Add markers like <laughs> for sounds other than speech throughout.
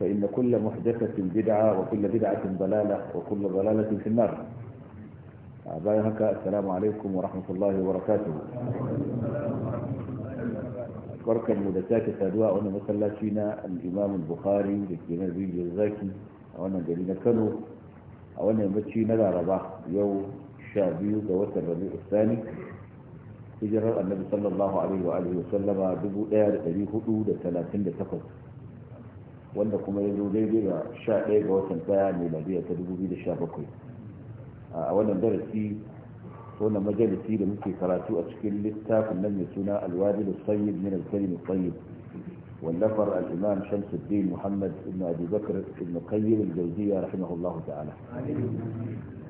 فإن كل محدثة بدعة وكل بدعة ضلالة وكل ضلالة في النار أعزائي هكا السلام عليكم ورحمة الله وبركاته بركة مدتاك سادواء مثلا شينا الإمام البخاري لكينا الرجل الزاكي أنا جلينا كانوا وانا يمتشينا لعربا يوم شابيو دوات الربيع الثاني النبي صلى وآله وسلم sallallahu alaihi wa alihi ثلاثين 1438 wanda kuma ya zo daidai ga 11 ga watan daya biya ta 2017 a wannan darasi na majalisi da muke karatu a cikin littafin nan mai suna alwadi da sayyid min alkalimi sayyid wallafar al' al'imam shamsuddin muhammad ibn abu bakar ibn qayyim al-jawziya rahimahullah ta'ala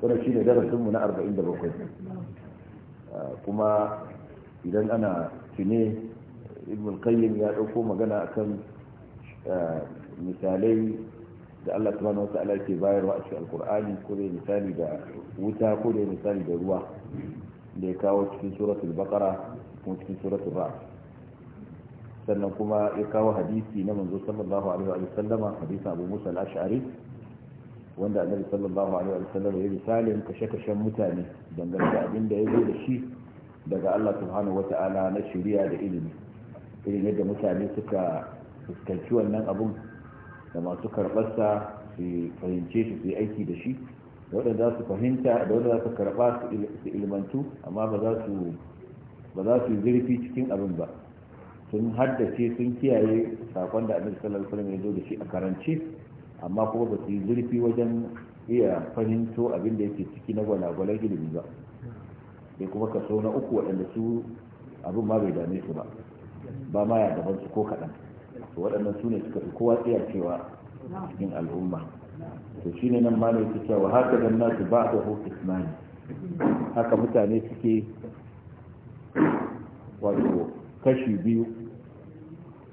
wannan shine darasinmu na 47 kuma idan ana tune ibn qayyim ya dauko magana akan eh, misalai da Allah subhanahu wata'ala ke bayarwa a cikin alkur'ani ko dai misali da wuta ko dai misali da ruwa da ya kawo cikin suratul baqara ko cikin suratul ra'd sannan kuma ya kawo hadisi na manzo sallallahu alaihi wa sallama hadisi Abu Musa al-Ash'ari wanda annabi sallallahu alaihi wa sallam ya misalin kashe-kashen mutane dangane da abin da ya zo da shi daga Allah subhanahu wata'ala na shari'a da ilimi irin yadda mutane suka fuskanci wannan abun da masu karɓarsa su fahimce su su yi aiki da shi da waɗanda za su fahimta da waɗanda za su karɓa su ilmantu amma ba za su zurfi cikin abin ba sun haddace sun kiyaye sakon da abin sallar sallar ya zo da shi a karance amma kuma ba su yi zurfi wajen iya fahimto abin da yake ciki na gwalagwalar ilimi ba sai kuma kaso na uku waɗanda su abin ma bai dame su ba ba ma ya gaban su ko kaɗan to waɗannan su ne suka fi kowa cewa cikin al'umma to shi ne nan ma ne cewa haka dan nasu ba da hukismani haka mutane suke wato kashi biyu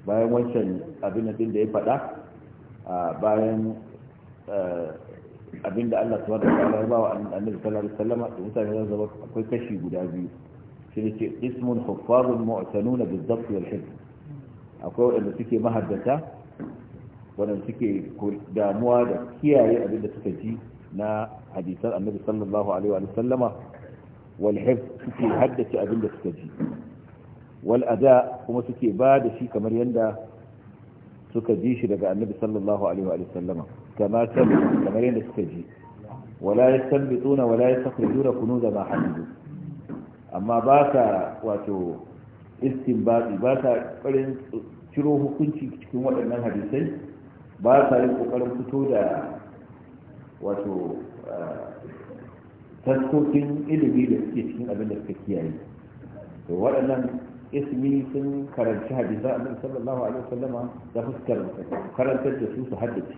bayan wancan abin din da ya faɗa bayan abin da Allah subhanahu wa ta'ala ba wa annabi sallallahu alaihi wasallam da mutane zan zama akwai kashi guda biyu shi ne ce ismun huffazun mu'tanuna bil-dhabt wal-hifz akwai waɗanda suke mahaddata waɗanda suke damuwa da kiyaye abin da suka ji na hadisan annabi sallallahu alaihi wa sallama wal hifz suke haddace abin da suka ji wal ada kuma suke ba da shi kamar yadda suka ji shi daga annabi sallallahu alaihi wa sallama kamar sami kamar yadda suka ji wala yastanbituna wala yastakhrijuna kunuza ma hadidu amma ba ka wato istinbadi ba ta ƙarin ciro hukunci cikin waɗannan hadisai ba ta yin ƙoƙarin fito da wato taskokin ilimi da suke cikin abin da suka kiyaye to waɗannan ismi sun karanci hadisa annabi sallallahu alaihi wasallama da fuskar karantar da su su haddace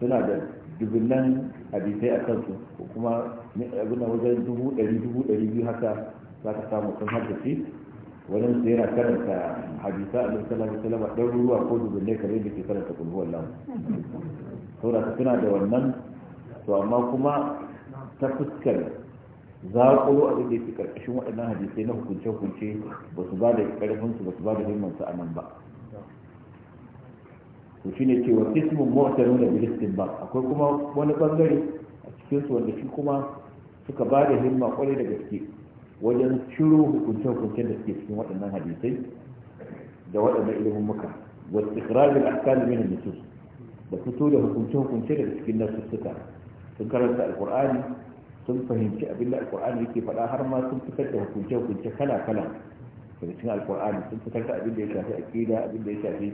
suna da dubunnan hadisai a kansu ko kuma abin wajen dubu ɗari dubu ɗari biyu haka za ka samu sun haddace wani su yana karanta hadisa a ɗan salama salama ɗan ruwa ko dubinai kare da ke karanta kulhuwar lamu saboda suna da wannan to amma kuma ta fuskar zaƙulo a da yake ƙarƙashin waɗannan hadisai na hukunce-hukunce ba su ba da ƙarfinsu ba su ba da himmansu a nan ba to shi ne cewa ismin mu'tarin da bilistin ba akwai kuma wani ɓangare a cikinsu wanda shi kuma suka ba da himma ƙwarai da gaske wajen ciro hukunce-hukuncen da suke cikin waɗannan hadisai da waɗannan ilimin muka wasu ikirarin akali min nusus da fito da hukunce-hukunce da cikin nasussuka sun karanta alkur'ani sun fahimci abin da alkur'ani yake faɗa har ma sun fitar da hukunce-hukunce kala-kala daga cikin alkur'ani sun fitar da abin da ya shafi aƙida abin da ya shafi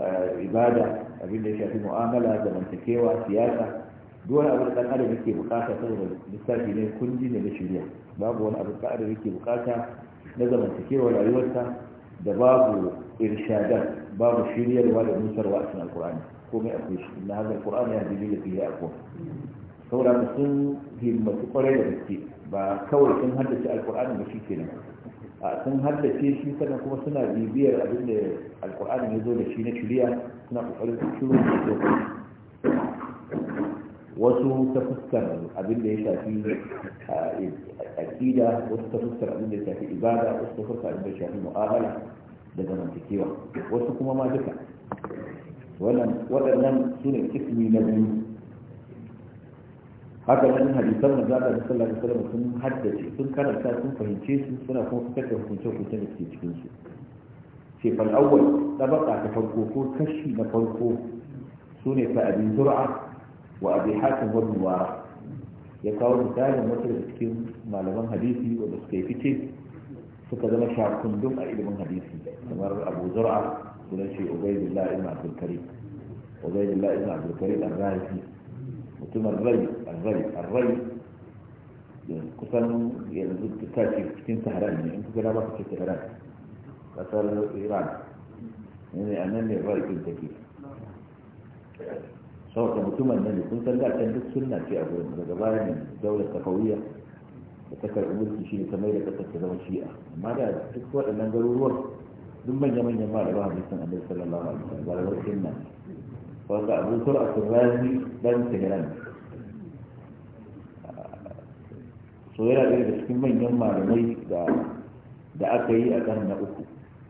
eh, ibada abin da ya shafi mu'amala zamantakewa siyasa wani abu da adam yake bukata saboda lissafi ne kunji ne na shirya babu wani abin da adam yake bukata na zamantakewar rayuwarsa da babu irshadan babu shiryarwa da nusarwa a cikin alkur'ani komai a kai shi na hazar qur'ani ya bibi da fiye akwai saboda sun himmatu kwarai da gaske ba kawai sun haddace alkur'ani ba shi kenan a sun haddace shi sannan kuma suna bibiyar abin da alkur'ani ya zo da shi na shirya suna kokarin su shiru da wasu ta fuskar abin da ya shafi aƙida wasu ta fuskar abin da ya shafi ibada wasu ta fuskar abin da ya shafi mu'amala da zamantakewa wasu kuma ma duka waɗannan su ne kismi na biyu haka nan hadisan manzo Allah sallallahu alaihi wasallam sun haddace sun karanta sun fahimce su suna kuma fitar da hukunce hukunce da suke cikin su ce fal awwal ta farko ko kashi na farko sune fa abin zur'a wa abi hatim wa nuwara ya kawo misalin wasu da cikin malaman hadisi wanda suka yi fice suka zama shakundun a ilimin hadisi kamar abu zura sunan shi ubaidullah ibn abdul karim ubaidullah ibn abdul karim ar-razi mutum ar-rai ar-rai ar-rai kusan yanzu ta ce cikin saharan ne in kuka da ba su ce saharan kasar iran ne a nan ne rai ɗin take saboda mutumin nan kun san da duk sunna ce a gurin daga baya ne daular safawiyya da ta karɓi mulki shi ne ta mai da ƙasar ta zama shi'a amma da duk waɗannan garuruwan duk manya-manyan malaba hadisin annabi sallallahu alaihi wasallam malabar sunna wanda abu sur'a turrazi dan tehran so yana ɗaya da cikin manyan malamai da da aka yi a ƙarni na uku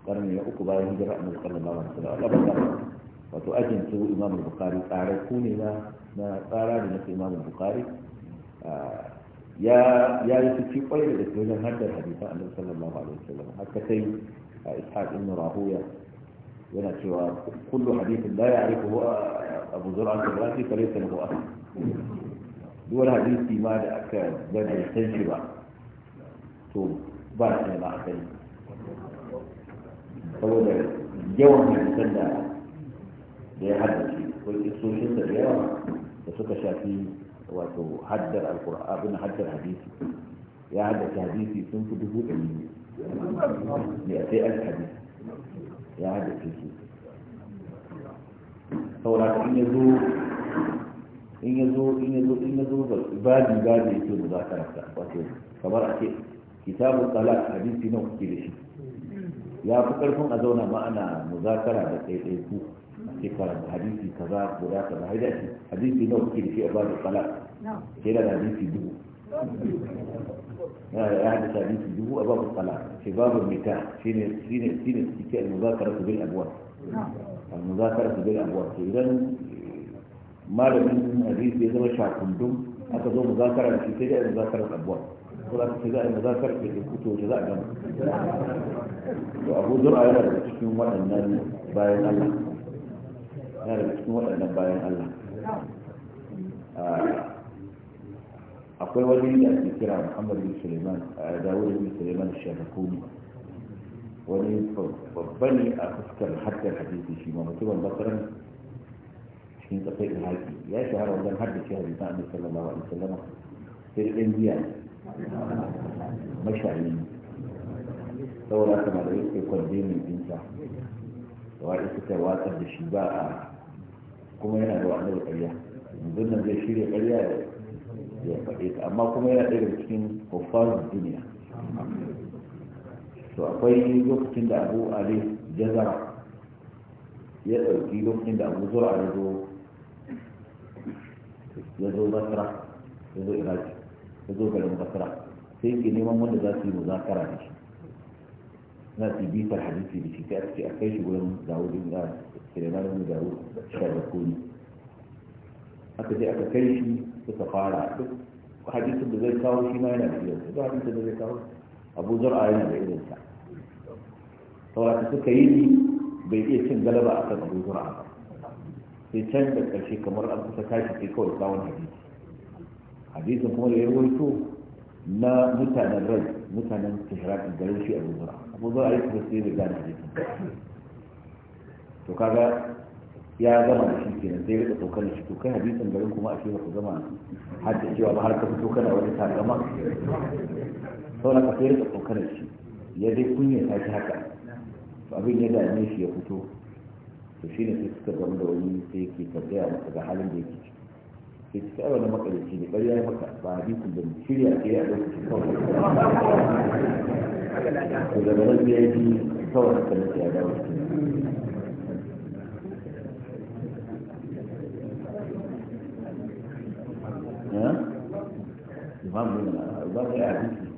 ƙarni na uku bayan hijira annabi sallallahu alaihi wasallam wato ajin su imam bukhari tsare ku ne na na tsara da nake imam bukhari ya ya yi fici kwarai da wajen hadda hadisan annabi sallallahu alaihi wasallam haka sai ishaq ibn rahuya yana cewa kullu hadithin la ya'rifuhu abu zur'a al-rafi fa laysa lahu asl duk wani hadisi ma da aka gani san shi ba to ba shi ba a kai saboda yawan hadisan da da ya haddace ko kisoshin da yawa da suka shafi wato haddar alkur'an abin haddar hadisi ya haddace hadisi sun fi dubu ɗari ne ya sai al hadisi ya haddace su saboda in ya zo in ya zo in ya zo in ya zo babi babi yake muzakararsa wato kamar a ce kitabun talak hadisi nawa kuke da shi ya fi karfin a zauna ma ana muzakara da ɗaiɗaiku ke karanta hadisi kaza guda kaza haida ce hadisi nawa kuke da shi a ba da tsala ke da hadisi dubu ya da hadisi hadisi dubu a ba da tsala ce babu mita shine shine shine suke al-muzakara su bil abwab al-muzakara su bil abwab to idan malamin hadisi ya zama shakundum aka zo muzakara da shi sai da muzakarar abwab ko za ka ce za a yi muzakarar da ke fito da za a gama to abu zura yana da cikin waɗannan bayan Allah na daga cikin waɗannan bayan Allah akwai wani da ake kira Muhammad bin Suleiman Dawud bin Suleiman Shafakuni wani babba ne a fuskar harkar hadisi shi ma mutumin bakaran cikin tsafai iraki ya shahara wajen haddace hadisan Annabi sallallahu alaihi wasallam sai ɗan biya mashayi saboda haka malamai suke kwanje mai dinsa da waɗanda suka watsar da shi ba a kuma yana da wani ƙarya yanzu nan zai shirya ƙarya da ya faɗe ta amma kuma yana ɗaya daga cikin kofar duniya to akwai lokacin da abu ali jazara ya ɗauki lokacin da abu zura ya zo ya zo basra ya zo iraki ya zo garin basra sai yake neman wanda za su yi muzakara da shi na tibitar yi hadisi da shi ta a ce shi wurin zawo zawudin gari Sulaiman ibn Dawud Sharikuni aka je aka kai shi suka fara duk hadisin da zai kawo shi ma yana da irin duk hadisin da zai kawo Abu Zur'a yana da irinsa sa saboda suka yi ni bai iya cin galaba a kan Abu Zur'a ba sai can da ƙarshe kamar an kusa tashi sai kawai tsawon hadisi hadisin kuma da ya rawaito na mutanen rai mutanen tehran garin shi Abu Zur'a Abu Zur'a ya kuma sai da gane hadisin to kaga ya zama da shi nan zai rika tsokar shi to kai hadisin garin kuma a ba ku zama har da cewa ba har ka fito kana wani takama sau na kafa rika tsokar shi ya dai kunya ta shi haka to abin ya dame shi ya fito to shi ne sai suka zama da wani sai yake tambaya masa ga halin da yake sai suka yi wani makalici ne bari ya yi maka ba hadisin da shirya ke ya lokacin kawai to daga nan sai ji kawai suka nace ya dawo cikin إمام إمام حديثي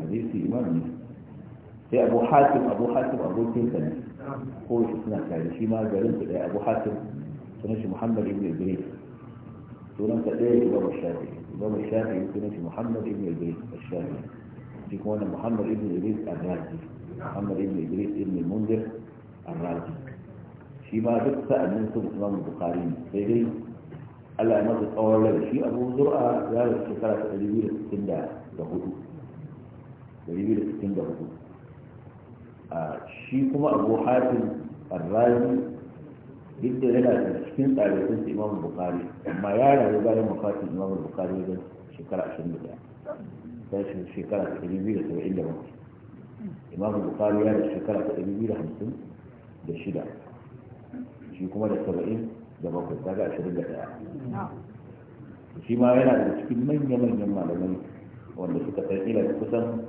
حديثي إمام sai abu hatim abu hatim abokin sa ne ko shi suna tare shi ma garin su ɗaya abu hatim sunan shi muhammad ibn idris sunan sa ɗaya imam shafi imam shafi sunan shi muhammad ibn idris shafi shi kuma wannan muhammad ibn idris al-razi muhammad ibn idris ibn munzir al-razi shi ma duk sa'annin su imam bukhari sai dai Allah ya masa tsawon rai shi abu zur'a ya rasu shekara ta ɗari biyu da sittin da hudu ɗari biyu da sittin da hudu shi kuma abu hatin arrazi duk da yana da cikin sun su imamu bukari amma ya rayu bayan mafatin imamu bukari wajen shekara ashirin da ɗaya sai shekara ta ɗari biyu da saba'in da bakwai imamu bukari ya da shekara ta ɗari biyu da hamsin da shida shi kuma da saba'in da bakwai ga ashirin da ɗaya shi ma yana da cikin manya-manyan malamai wanda suka san ilan kusan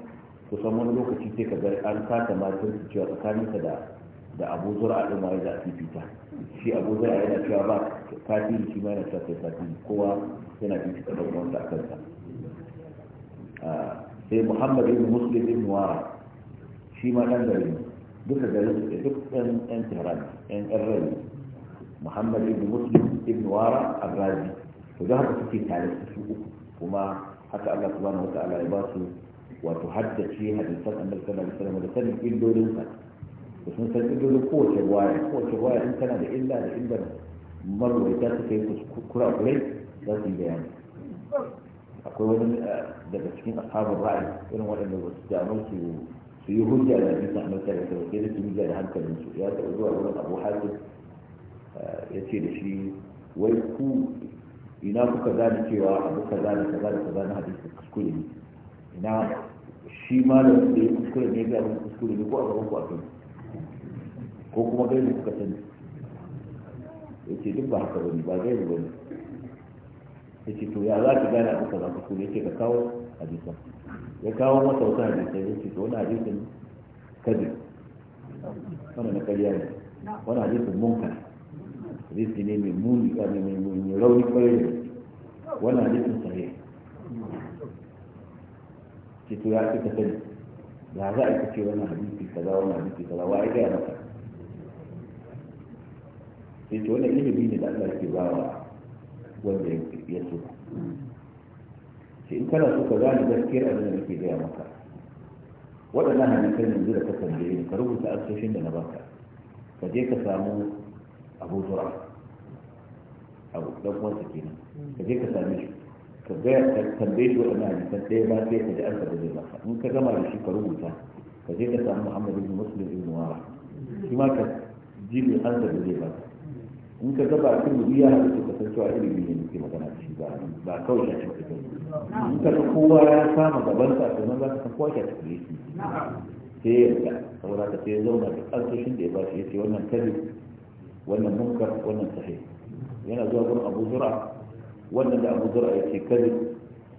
kusan wani lokaci sai ka ga an sata matar su cewa tsakanin da da abu zura ɗin ma za a fita shi abu zura yana cewa ba kafin shi ma yana cewa sai kafin kowa yana fifita ɗan wanda a kansa sai muhammad ibn muslim ibn wara shi ma ɗan gari duka garin su duk ɗan ɗan tehran ɗan ɗan rai محمد بن مسلم بن وارع الرازي وجهر في تعليق الحقوق وما حتى الله سبحانه وتعالى يباس وتحدد فيها الانسان ان الكلام عليه السلام الا للانسان بس انسان الا للقوه الروايه قوه الروايه انسان الا الا الا مر ويتاتي كي كرة قليل لازم بيان أقول وين ده بس أصحاب الرأي وين هو إنه بس تعمل في في يهودي على بيت أحمد كذا كذا كذا تيجي على هم كذا مسؤوليات أبو حاتم ya ce da shi wai ku ina kuka gane cewa abu kaza da kaza da kaza na hadisi kuskure ne ina shi ma da ya kuskure ne ga abin kuskure ne ko a gaban ku a kai ko kuma gaibu kuka sani ya ce duk ba haka bane ba gaibu bane ya ce to ya za ki gane abu kaza kuskure ya ce ka kawo hadisa ya kawo masa wata hadisa ya ce to wani hadisin kadi wannan na karya ne wani hadisin munkar hadisi ne mai muni mai rauni kwarai da wannan hadisin sahih ce to ya ta sani ya za a yi kace wannan hadisi kaza wannan hadisi kaza wa ai gaya maka sai to wannan ilimi ne da Allah yake bawa wanda ya so sai in kana so ka gane gaskiyar abin da yake gaya maka waɗannan hadisan yanzu da ka tambaye ka rubuta asoshin da na baka ka je ka samu abu zura abu dan uwansa kenan ka je ka same shi ka ga ka tambaye shi wadannan hadisan sai ba sai ka ji an ka zai maka in ka gama da shi ka rubuta ka je ka samu Muhammad ibn Muslim ibn Wara shi ma ka ji bai an ka zai maka in ka ga bakin rubi ya haɗu ka san cewa ilimi ne ke magana da shi ba ba kawai ya cikin kai in ka kowa ya samu gaban sa to nan za ka san kowa ya cikin shi sai ya ga saboda ka sai ya zauna da ƙarshen da ya ba shi ya ce wannan kare wannan munkar wannan sahih yana zuwa gurin abu zura wannan da abu zura yake kazi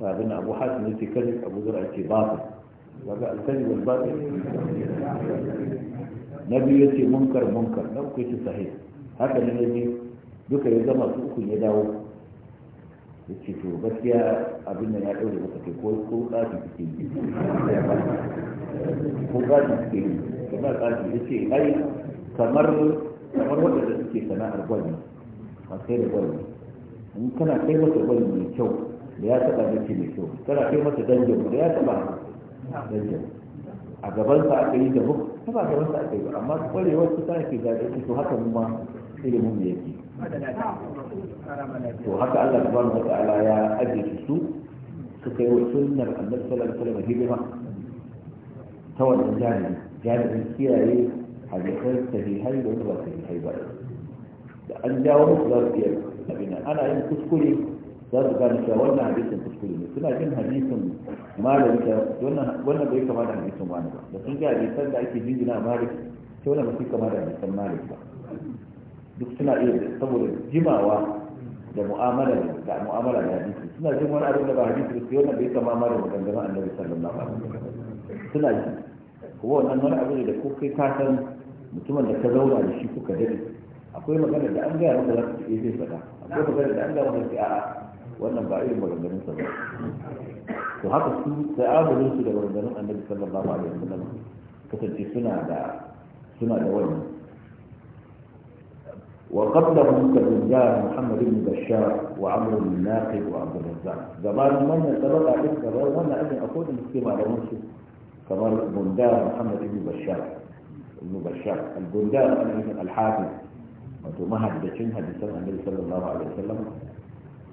abin abu hatim yake kare abu zura yake batil kaga alkazi wal batil na biyu yace munkar munkar na uku yace sahih haka ne ne duka ya zama su uku ya dawo yace to gaskiya abin da ya daure ko ko kafi kike yi ko kafi kike yi kamar kafi yace ai kamar kamar wanda suke sana'ar gwamnati ba sai da gwal in kana kai masa gwal mai kyau da ya taba da mai kyau kana kai masa danjin da ya taba danjin a gaban sa aka yi da hukun ta ba gaban sa aka yi ba amma kwarewar su ta ke zaɓe su haka mu ma ilimin da yake to haka Allah subhanahu wa ta'ala ya ajiye su suka yi wa sunnar annabi sallallahu alaihi wasallam hidima ta wannan jami'i jami'in kiyaye hadisan sahihai da wanda ba sahihai ba da an jawo musu za su iya abin ana yin kuskure za su gane cewa wannan hadisin kuskure ne suna jin hadisin malami ta wannan bai kama da hadisin wani ba da sun ga hadisan da ake jingina a malik ta wannan bai kama da hadisan malik ba duk suna iya saboda jimawa da mu'amala da mu'amala da hadisi suna jin wani abin da ba hadisi ba sai wannan bai kama ma da maganganun annabi sallallahu alaihi wasallam suna ji kuma wannan wani abin da ko kai ka san mutumin da ka zauna da shi kuka dade akwai magana da an gaya maka za ta iya zai faɗa akwai magana da an gaya maka ta a'a wannan ba irin maganganun sa ba to haka su ta'amulin su da maganganun annabi sallallahu alaihi wasallam kasance suna da suna da wannan وقبلهم كالرجال محمد بن بشار وعمر بن ناقد وعبد الرزاق زمان من سبق عليك كمان وانا ابن اقول المسلم على منصف كمان بندار محمد بن بشار بن بشار al الحافظ wato mahaddacin hadisan annabi sallallahu alaihi wasallam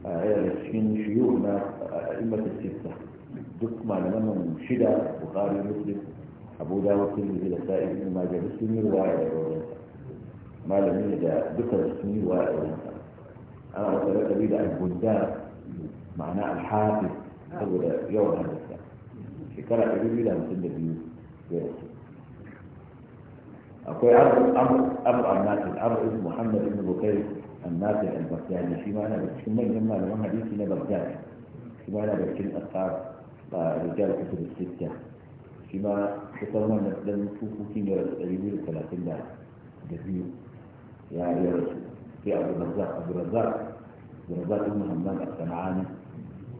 ya da cikin shiyu na immatu sitta duk malaman nan shida bukhari muslim abu dawud tirmidhi da sa'i ibn majah duk sun yi riwaya da wurin malami da dukkan sun yi riwaya da wurin ana wata lakabi da al-bundar ma'ana al-hafiz saboda yawan hadisa shekara 252 ya rasu أقول أمر أمر أمر الناس الأمر ابن محمد بن بكير الناس البغدادي في معنى بتكلم لما لما حديثي بغدادي في معنى بتكلم أصحاب آه، رجال كتب الستة فيما كتبنا من في فوقين يريدون ثلاثين دار جزيرة يا يا رسول في أبو الرزاق أبو الرزاق أبو الرزاق بن همام الصنعاني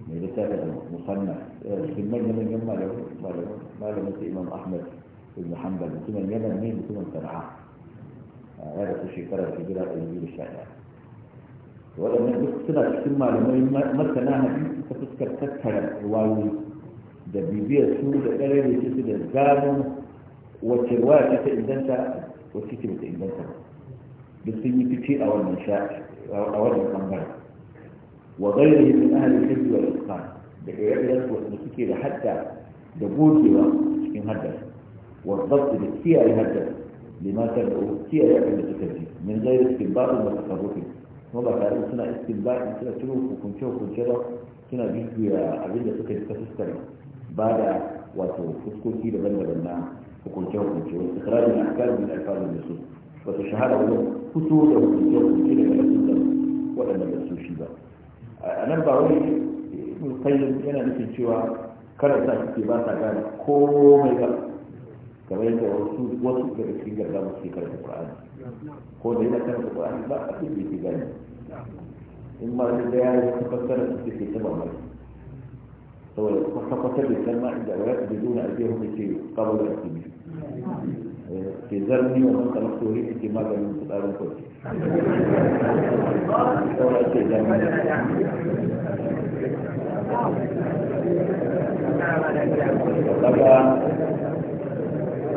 من رسالة مصنف في المجمع لما له ما له ما له إمام أحمد ابن حنبل بتوم اليمن مين بتوم صنعاء آه، هذا كل شيء كرر كبيرة في الشارع ولا من بس سنة كل ما لما ما سنعنا فيه تفسكر تكهر الواوي ده بيبيع سوء ده قال لي شو ده زارو وتشوار كده إنسا وكتب إنسا بس يجي كتير أول من شاء أول من قمر وغيره من أهل الحج والإتقان ده يعرف وسمسكي حتى ده بوجي وكتب والضبط بالتي الهدف لما تدعو تي يعني التكذيب من غير استنباط ولا تصرف وما تعرف سنة استنباط سنة تروح وكن شوف وكن شرف سنة بيجي أبدا تكذب تفسر بعد واتو تكون كده بنا بنا وكن شوف وكن شوف استخراج الأحكام من الألفاظ النصوص وتشهد له كتور وكن شوف وكن شوف ولا ما بسوش بقى أنا بقول ابن أنا yana nufin cewa karanta suke ba sa gane komai ba kamar yadda wasu wasu daga cikin garga ba su karanta qur'ani ko da yana karanta qur'ani ba a cikin yake gani in ma da ya su take ta saboda kwata kwata da san ma inda wa yadda duna ajiyar da ke kawo da su eh, ke zarni wa man kamar da ke maganin su tsarin kwanci saboda ke zarni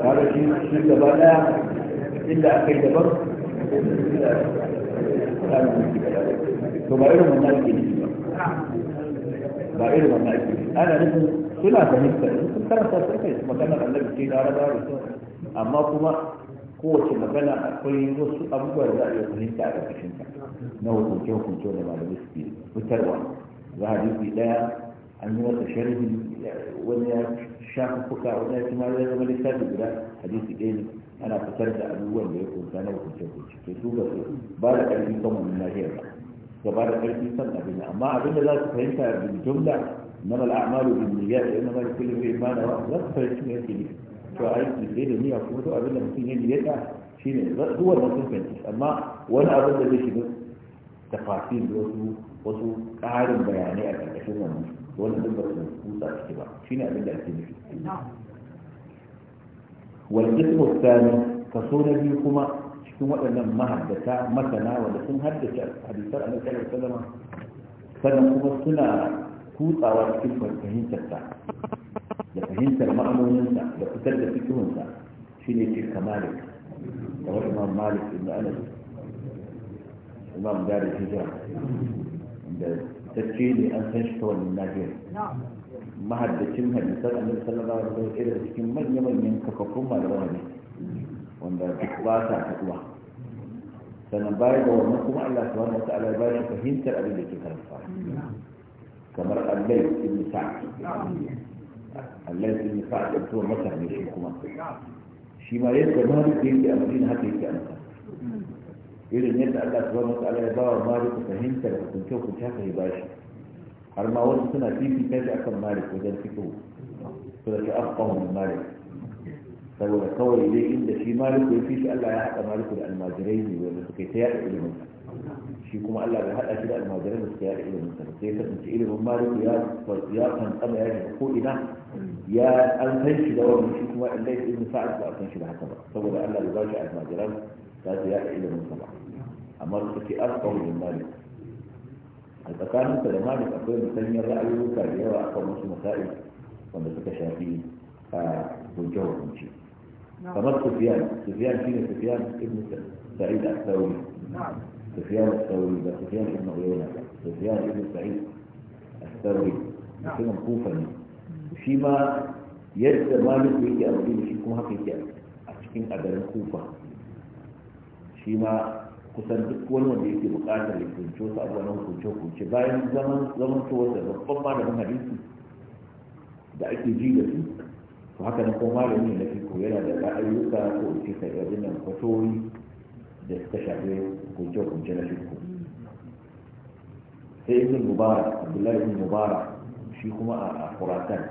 kada shi shi gaba daya inda aka yi daban to ba irin wannan ake ne ba irin wannan ake ne ana nufin suna fahimta in sun karanta sun kai maganar annabi ce da araba da sun amma kuma kowace magana akwai wasu abubuwa da za a iya fahimta a ƙarƙashin ta na hukunce hukunce da malamai suke fitarwa za a duk daya an yi masa sharhi wani ya shafa fuka wani ya ci ma ya zama littafi guda hadisi ɗaya ne ana fitar da abubuwan da ya kunsa na hukunce hukunce to su ba su ba da ƙarfi kan wani nahiyar ba ga ba da ƙarfi kan abin amma abin da za su fahimta bil jumla na mal a'malu bil da inna ma kullu bi ba da za su fahimci ne yake ne to yi sai da niyya kuma to abin da mutum ya yi niyyata shine duk wannan sun fahimci amma wani abin da zai shiga tafasir da wasu wasu ƙarin bayanai a ƙarƙashin ولا تقدر توصل اعتبار فينا قبل الاعتبار والجسم الثاني كصورة بيكما شكما أنا ما هدتا ما تناولا سن هدتا حديثة أنا صلى الله عليه وسلم فنقوم سنة كوطة وكيف تهين تتا تهين تتا مأمون انت لقتل تتكو انت فينا يتكى مالك هو إمام مالك إن أنا إمام دار الهجرة ingantacce ne an san shi ta wannan nahiyar mahaddacin hadisan annabi sallallahu alaihi wasallam irin cikin manya-manyan kafafun malaman ne. wanda duk ba sa haɗuwa sannan baya da wannan kuma Allah subhanahu wataala ya bayan fahimtar abin da ke karanta kamar sun Allah ibn Sa'd sun yi Sa'd da tuwa masar ne shi kuma shi ma yadda malik yake a cikin haka yake a irin yadda Allah subhanahu wataala ya bawa malik fahimtar hukunce hukunce haka ya bashi har ma wasu suna fifita shi akan malik wajen fito su da shi afqahu min malik saboda kawai dai inda shi maliku ya fi shi Allah ya haɗa maliku da almajirai ne wanda suka yi ta yaɗa ilimin shi kuma Allah bai haɗa shi da almajirai da suka yaɗa ilimin sa sai kasance ilimin maliku ya ya kankama ya shiga ko ina ya an san shi da wannan shi kuma Allah ibn sa'ad ba a san shi da haka ba saboda Allah bai ba shi almajiran za ya yaɗa ilimin sa amma su ke arkahu min malik a tsakaninsa da malik akwai musanyar ra'ayoyuka da yawa akan musu masa'i wanda suka shafi a gunke hukunci kamar sufiyan sufiyan shine sufiyan ibn sa'id al-thawri al-sauri da سفيان الثوري ده سفيان ابن عيينة سفيان ابن سعيد الثوري كنا كوفا فيما يجد مالك shi kuma haka yake a cikin أدري kufa shi ma kusan duk wani wanda yake bukatar ya kunce wasu abuwa na hukunce hukunce bayan zaman zaman to wata babban malamin hadisi da ake ji da su to haka na kuma malamin na fiko yana da ra'ayyuka ko ce ka yi nan fatoyi da suka shafi hukunce hukunce na fiko sai ibn mubarak abdullahi ibn mubarak shi kuma a khurasan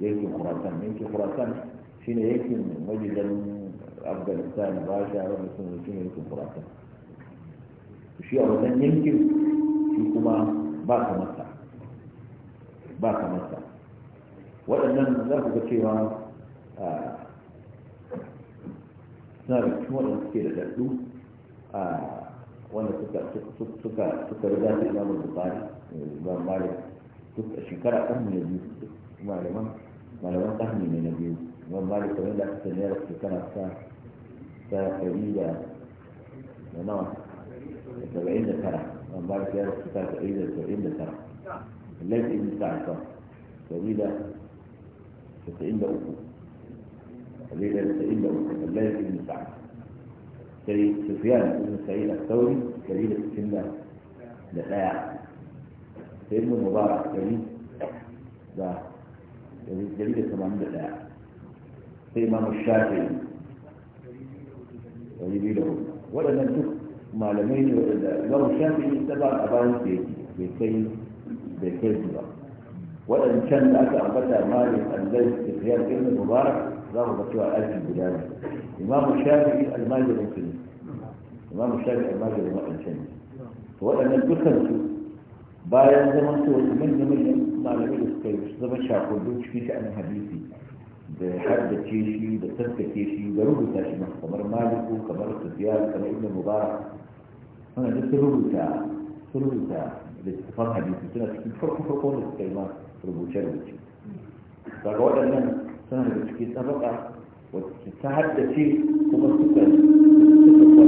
yankin khurasan yankin khurasan shine yankin wajen afghanistan rasha wanda sun mutum yankin kuratan shi a wannan yankin shi kuma ba ka masa ba ka masa waɗannan za ku ga cewa suna da cikin waɗanda suke da daɗu a wanda suka suka suka riga su imamu bukari ba malik duk shekara ƙarni na biyu malaman malaman ƙarni ne na biyu imam malik kamar da aka sani ya rasu shekara ta ta ɗari da da nawa da saba'in da tara ban ba da yara su ta ɗari da saba'in da tara lafi ibn sa'asa ɗari da saba'in da uku ɗari da saba'in da uku lafi ibn sa'asa sai sufiyan ibn sa'id al-thawri ɗari da sittin da da ɗaya sai ibn mubarak ɗari da ɗari da tamanin da ɗaya sai ma imam shafi'i ɗari biyu da hudu waɗannan duk malamai ne waɗanda imam shafi ta ba a bayan su yake bai kai bai kai su ba waɗancan da aka ambata malik allai da siyar ibn mubarak za mu ga cewa aji guda ne imam shafi'i almajirin su ne imam shafi'i almajirin waɗancan ne to waɗannan dukansu bayan zaman su wasu manyan manyan malamai da suka yi zama shakudu cikin sha'anin hadisi da haddace shi da tattake shi da rubuta shi kamar maliku kamar sufiyar kamar ibn mubarak suna da sun rubuta sun rubuta da tafan hadisi suna cikin farko farko da suka yi ma rubuce rubuce daga waɗannan suna da cikin sabaka wacce ta haddace kuma suka suka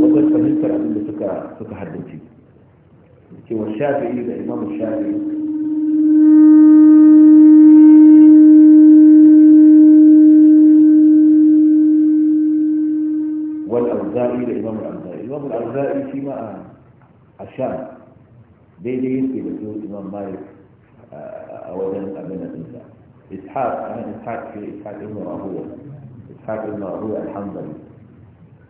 kwato wajen fahimtar abin da suka suka haddace cewa shafi'i da imamu shafi'i الغزائي لإمام الأنزائي الإمام الأنزائي فيما أهم الشام بيدي يمكن لكيه الإمام مالك آه، أولا أبنى الإنساء إسحاق أنا إسحاق في إسحاق إبن رابوة إسحاق إبن رابوة الحنظلي،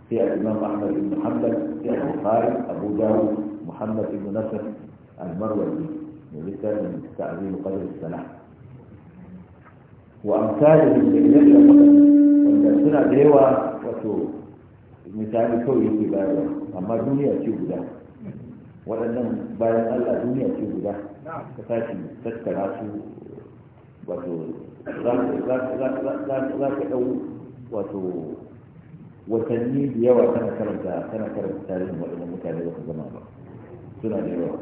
في الإمام أحمد بن محمد في البخاري أبو داوود محمد بن نصر المروزي وليس من تعظيم قدر السلام وأمثالهم من الإنسان عند سنة ديوة وسوره misali kawai yake bayarwa amma duniya ce guda waɗannan bayan allah duniya ce guda ka tashi tattara su wato za ka ɗau wato watanni da yawa tana karanta tana karanta tarihin waɗannan mutane ba su zama ba suna da yawa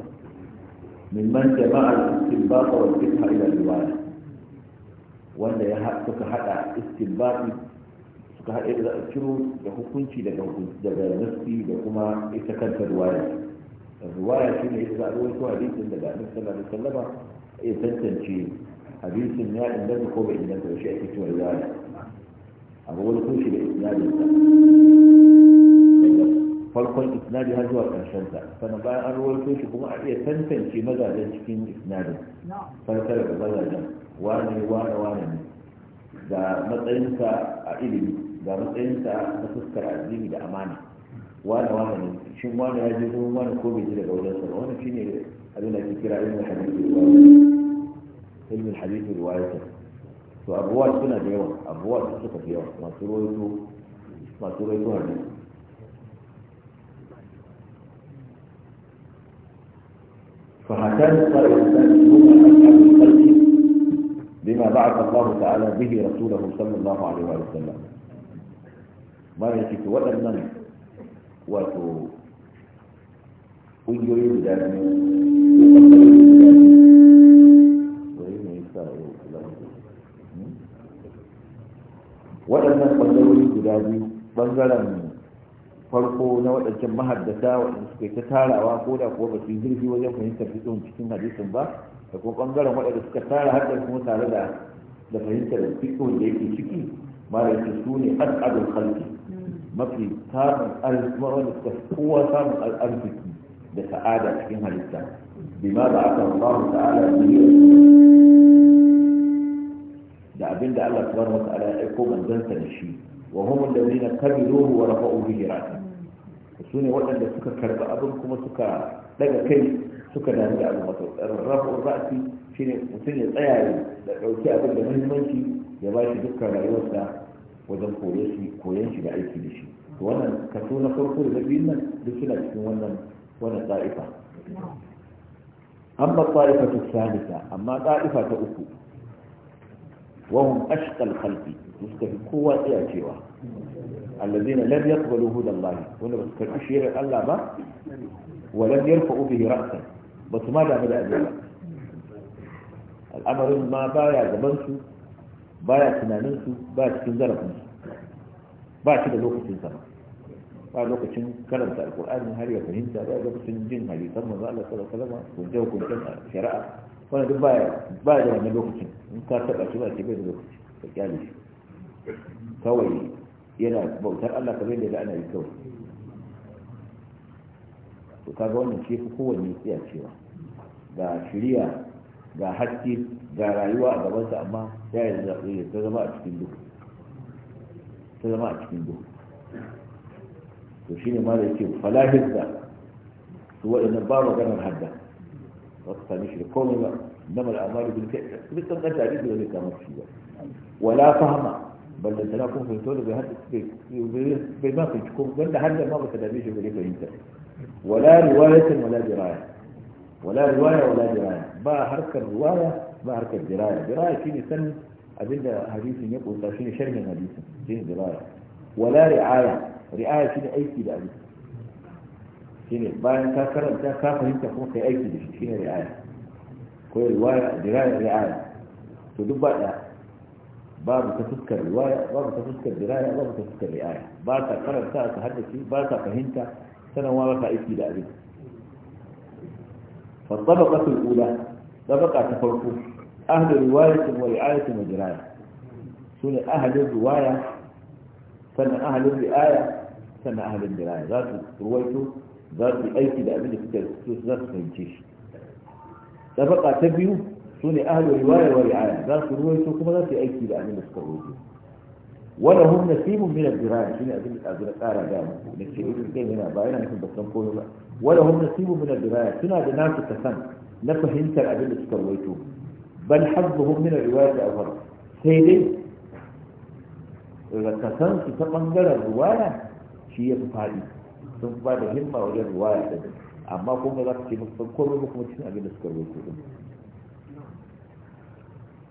min man jama'a istinbaqa wal fiqh ila riwaya wanda ya suka hada istinbaqi ta haɗe da za a ciro da hukunci daga nasi da kuma ita kanta ruwaya ruwaya shi ne za a rawaito hadisin daga annabi sallallahu alaihi wasallama ya tantance hadisin ya inganta ko bai inganta shi ake cewa ruwaya abu wani kunshi da isnadin farkon isnadi har zuwa ƙarshen ta sannan bayan an ruwa shi kuma a iya tantance mazajen cikin isnadin farkar da mazajen wane wane wane ne da matsayinsa a ilimi ga matsayinsa na fuskar addini da amana wani wani ne shin wani ya je kuma wani ko bai ji daga wajen sa wani shine abin da ake kira ilmin hadisi riwaya ilmin hadisi riwaya to abuwa suna da yawa abuwa su suka fi yawa masu rawaito masu rawaito hadisi فهاتان الطائفتان هما اصحاب الخلق بما بعث الله تعالى به رسوله صلى الله عليه وسلم mara yake waɗannan wato ƙungiyoyi guda biyu hmm? waɗannan ɓangarori guda biyu ɓangaren farko na waɗancan mahaddata waɗanda suka yi ta tarawa ko da kuwa ba su yi zurfi wajen fahimtar fitin cikin hadisin ba da kuma ɓangaren waɗanda suka tara haddar kuma tare da fahimtar fitin da yake ciki mara yake su ne adon khalqi mafi samun arziki kowa samun arziki da sa'ada cikin halitta bima ba aka Allah ta'ala da abinda Allah subhanahu wa ta'ala ya aiko manzansa da shi wa hum alladhina kabiruhu wa rafa'u bihi ra'sa su ne waɗanda suka karba abin kuma suka daga kai suka damu da abin wato rafa'u ra'si shine mutum ya tsaya da dauki abin da muhimmanci ya ba shi dukkan rayuwarsa wajen koyon shi koyon shi da aiki da shi to wannan kaso na farko da biyun nan duk suna cikin wannan wannan ta'ifa amma ta'ifa ta salisa amma ta'ifa ta uku وهم أشقى الخلق يسكت قوة إياتيوا الذين wanda يقبلوا هدى الله ولا بسكت شير الله ما ولم يرفعوا به رأسا بس ما دام الأدلة الأمر ما بايع زمنسو baya tunanin su ba cikin zarafin su ba shi da lokacin sama ba lokacin karanta alkur'ani har ya fahimta ba lokacin jin hadisan manzo Allah sallallahu alaihi wasallam kunje kan shari'a wannan duk baya baya da wannan lokacin in ka taba shi ba shi bai da lokaci ka kyale shi kawai yana bautar Allah kamar yadda ana yi kawai to kaga wannan shi kowanne tsiya cewa ga shiriya ga haske ga rayuwa a gabansa amma ya yi zaɓe ta zama a cikin duhu ta zama a cikin duhu to shi ne ma da yake falahin da su waɗannan ba maganar hadda ba su sami shi da komai ba nama al'amari bin kai duk kan kanta hadisi da zai kama shi ba wala fahama ballantana kuma fahimta da bai hadda bai ma fahimci ko wanda hadda ma ba ta dame shi ba ne fahimta wala riwayatin wala jira'a ولا رواية ولا دراية با حركة رواية با حركة دراية دراية كيني سن أدلة حديث يقول لكيني شرم الحديث كيني دراية ولا رعاية رعاية كيني أي كيدة حديث كيني با انتا كرم انتا كافة انتا كون في أي كيدة كيني رعاية كوي رواية دراية رعاية تدبع لا با بتفتك الرواية با بتفتك الدراية با بتفتك الرعاية با تقرر تا تحدثي باب تفهمت سنة وما رفع إيكي لأبيه فالطبقة الأولى طبقة تفرقوا أهل رواية ورعاية ودراية سنة أهل الرواية سنة أهل الرعاية سنة أهل الدراية ذات رويته ذات أيتي أبدا الكتاب ذات فهمتيش طبقة تبيو سنة أهل رواية ورعاية ذات رويته كما ذات أيتي أبدا الكتاب ولهم نسيب من الدراية سنة أبدا الكتاب قال دامه نكتب كيف هنا باينا نكتب بسنقوله بقى ولهم نصيب من الرواية سنة دناك تسن نفه انت الأبن تترويتوه بل حظهم من الرواية أفر سيدي إذا تسن تتقنجل الرواية شيء فعلي ثم بعد همة وجه الرواية أما قوم لك مصطن كل مكم سنة أبن تترويتوه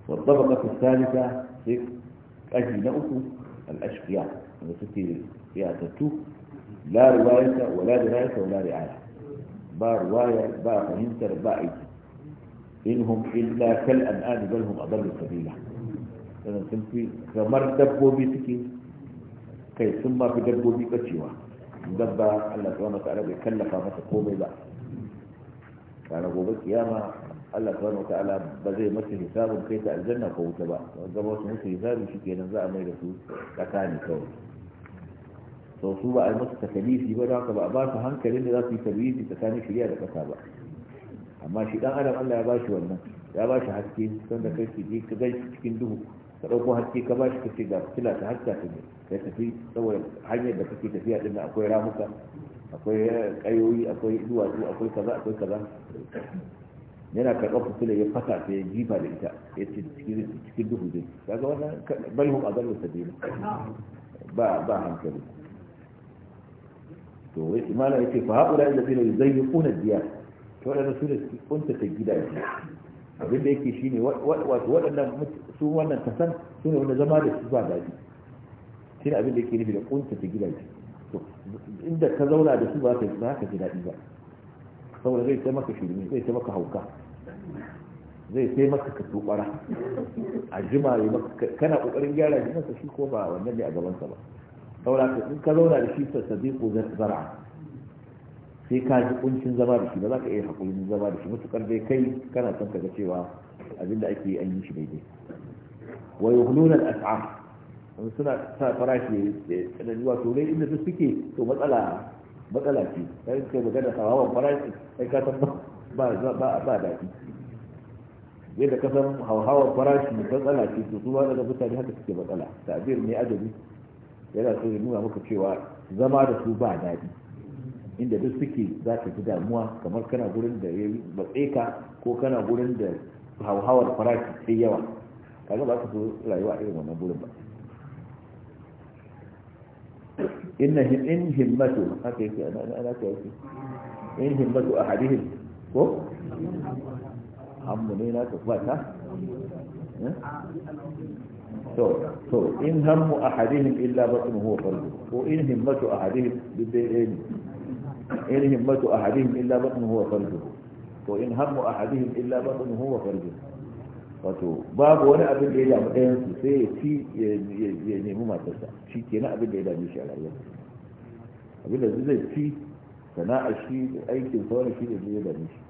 والضبط الثالثة في أجل نؤتو الأشقياء التي فيها تتوه la riwayata wala dirayata wala ri'aya ba riwaya fahimtar ba aiki inhum illa kal an'am bal hum adallu kamar dabbobi suke kai sun ma fi dabbobi bacewa dabba Allah subhanahu wataala bai kallafa masa komai ba kana gobe kiyama Allah subhanahu wataala ba zai masa hisabin kai ta aljanna ko wuta ba zama su musu hisabi kenan za a mai da su tsakani kawai su ba a yi musu takalifi ba da haka ba a ba su hankalin da za su yi tabiyi tsakanin shirya da kasa ba amma shi dan adam Allah ya ba shi wannan ya ba shi haske don da kai ji je ka ganshi cikin duhu ka ɗauko haske ka ba shi ka ce ga fitila ta haska ta ne kai tafi saboda hanyar da kake tafiya din akwai ramuka akwai ƙayoyi akwai duwatsu akwai kaza akwai kaza yana karɓar fitila ya fasa ta ya jifa da ita ya ce cikin duhu dai kaga wannan balhum a zallu sabila ba ba hankali to wai imana yake fa haɗura inda zai zai yi kuna biya to waɗanda su ne su kunta ta gidaje abin da yake shine wato waɗannan su wannan kasan su ne wanda zama da su ba daɗi shi ne abin da yake nufi da kunta ta gidaje to inda ka zauna da su ba ka ba ka ji daɗi ba saboda zai sai maka shirme zai sai maka hauka zai sai maka ka tubara a jima maka kana kokarin gyara jikinsa shi ko ba wannan ne a gabansa ba saboda ka in ka zauna da shi sassabe ko zara sai ka ji kuncin zama da shi ba za ka iya hakurin zama da shi mutukar dai kai kana son ka ga cewa abinda ake yi an yi shi daidai wa yuhluna al-as'ar in suna sa farashi da zuwa to dai inda su suke to matsala matsala ce sai kai magana hawan farashi sai ka san ba ba ba daɗi yadda da kasan hawan farashi matsala ce to su ba daga mutane haka suke matsala tabir ne adabi yana so ya nuna maka cewa zama da su ba daɗi inda duk suke za ka ji damuwa kamar kana gurin da ya matse ka ko kana gurin da hauhawar farashi sai yawa kaga ba ka so rayuwa irin wannan gurin ba inna in himmatu haka yake ana ta yake in himmatu a hadihin ko hammu ne na ka fata eh? to in hammu ahadihim illa batnu huwa fardu ko in himmatu ahadihim bidayni in himmatu ahadihim illa batnu huwa fardu ko in hammu ahadihim illa batnu huwa fardu wato babu wani abin da ya damu ɗayan su sai ya ci ya nemi matarsa shi kenan abin da ya damu shi a rayuwa abin da zai ci sana'a shi da aikin sauran shi da zai damu shi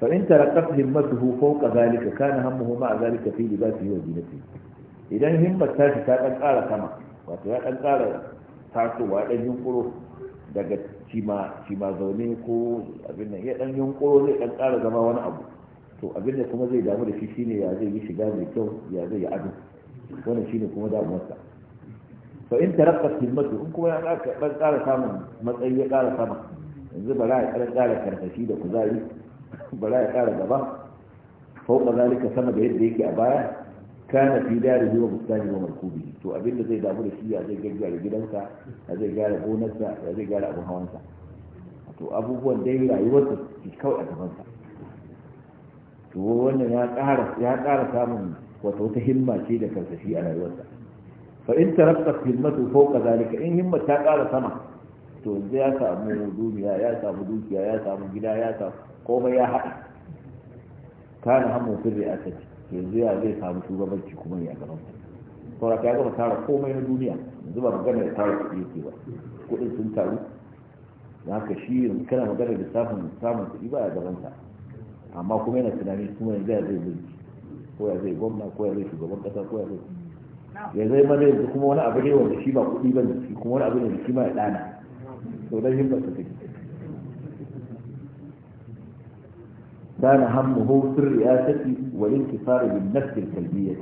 fa in tarakkat himmatuhu fawqa zalika kana hammuhu ma'a zalika fi libasihi wa zinatihi idan himmar tashi ta dan kara sama wato ya ɗan ƙara tasowa dan yunkuro daga cima zaune ko abin nan ya dan yunkuro zai dan kara zama wani abu to abin da kuma zai damu da shi shine ya zai yi shiga mai kyau ya zai yi ado wannan shine kuma damuwarsa fa in tarabbas himmatu in kuma ya dan kara samun matsayi ya kara sama yanzu bara ya ƙara ƙara karfashi da kuzari <laughs> bara ya ƙara gaba fauka zalika sama da yadda yake a baya kana fi dari zuwa bustani wa markubi to abin da zai damu da shi ya zai gyara gidansa ya zai gyara gonarsa ya zai gyara abin hawansa to abubuwan dai da ke kawai a gabansa to wannan ya ƙara ya ƙara samun wata wata himma ce da karsashi a rayuwarsa fa in tarakta himmatu fawqa zalika in himma ta ƙara sama to yanzu ya samu duniya ya samu dukiya ya samu gida ya samu komai ya haɗa kana hamu sirri asali yanzu ya zai samu shugabanci kuma ya gaban saura ka ya gama tara komai na duniya yanzu ba magana da tara kuɗi yake ba kuɗin sun taru za ka shi yanzu kana magana da samun samun kuɗi ba gaban gabansa amma kuma yana tunani kuma yanzu ya zai mulki ko ya zai gwamna ko ya zai shugaban ƙasa ko ya zai ya zai mana yanzu kuma wani abu ne wanda shi ba kuɗi ba ne kuma wani abu ne da shi ma ya ɗana to dan himma كان همه في الرئاسة والانتصار بالنفس الكلبية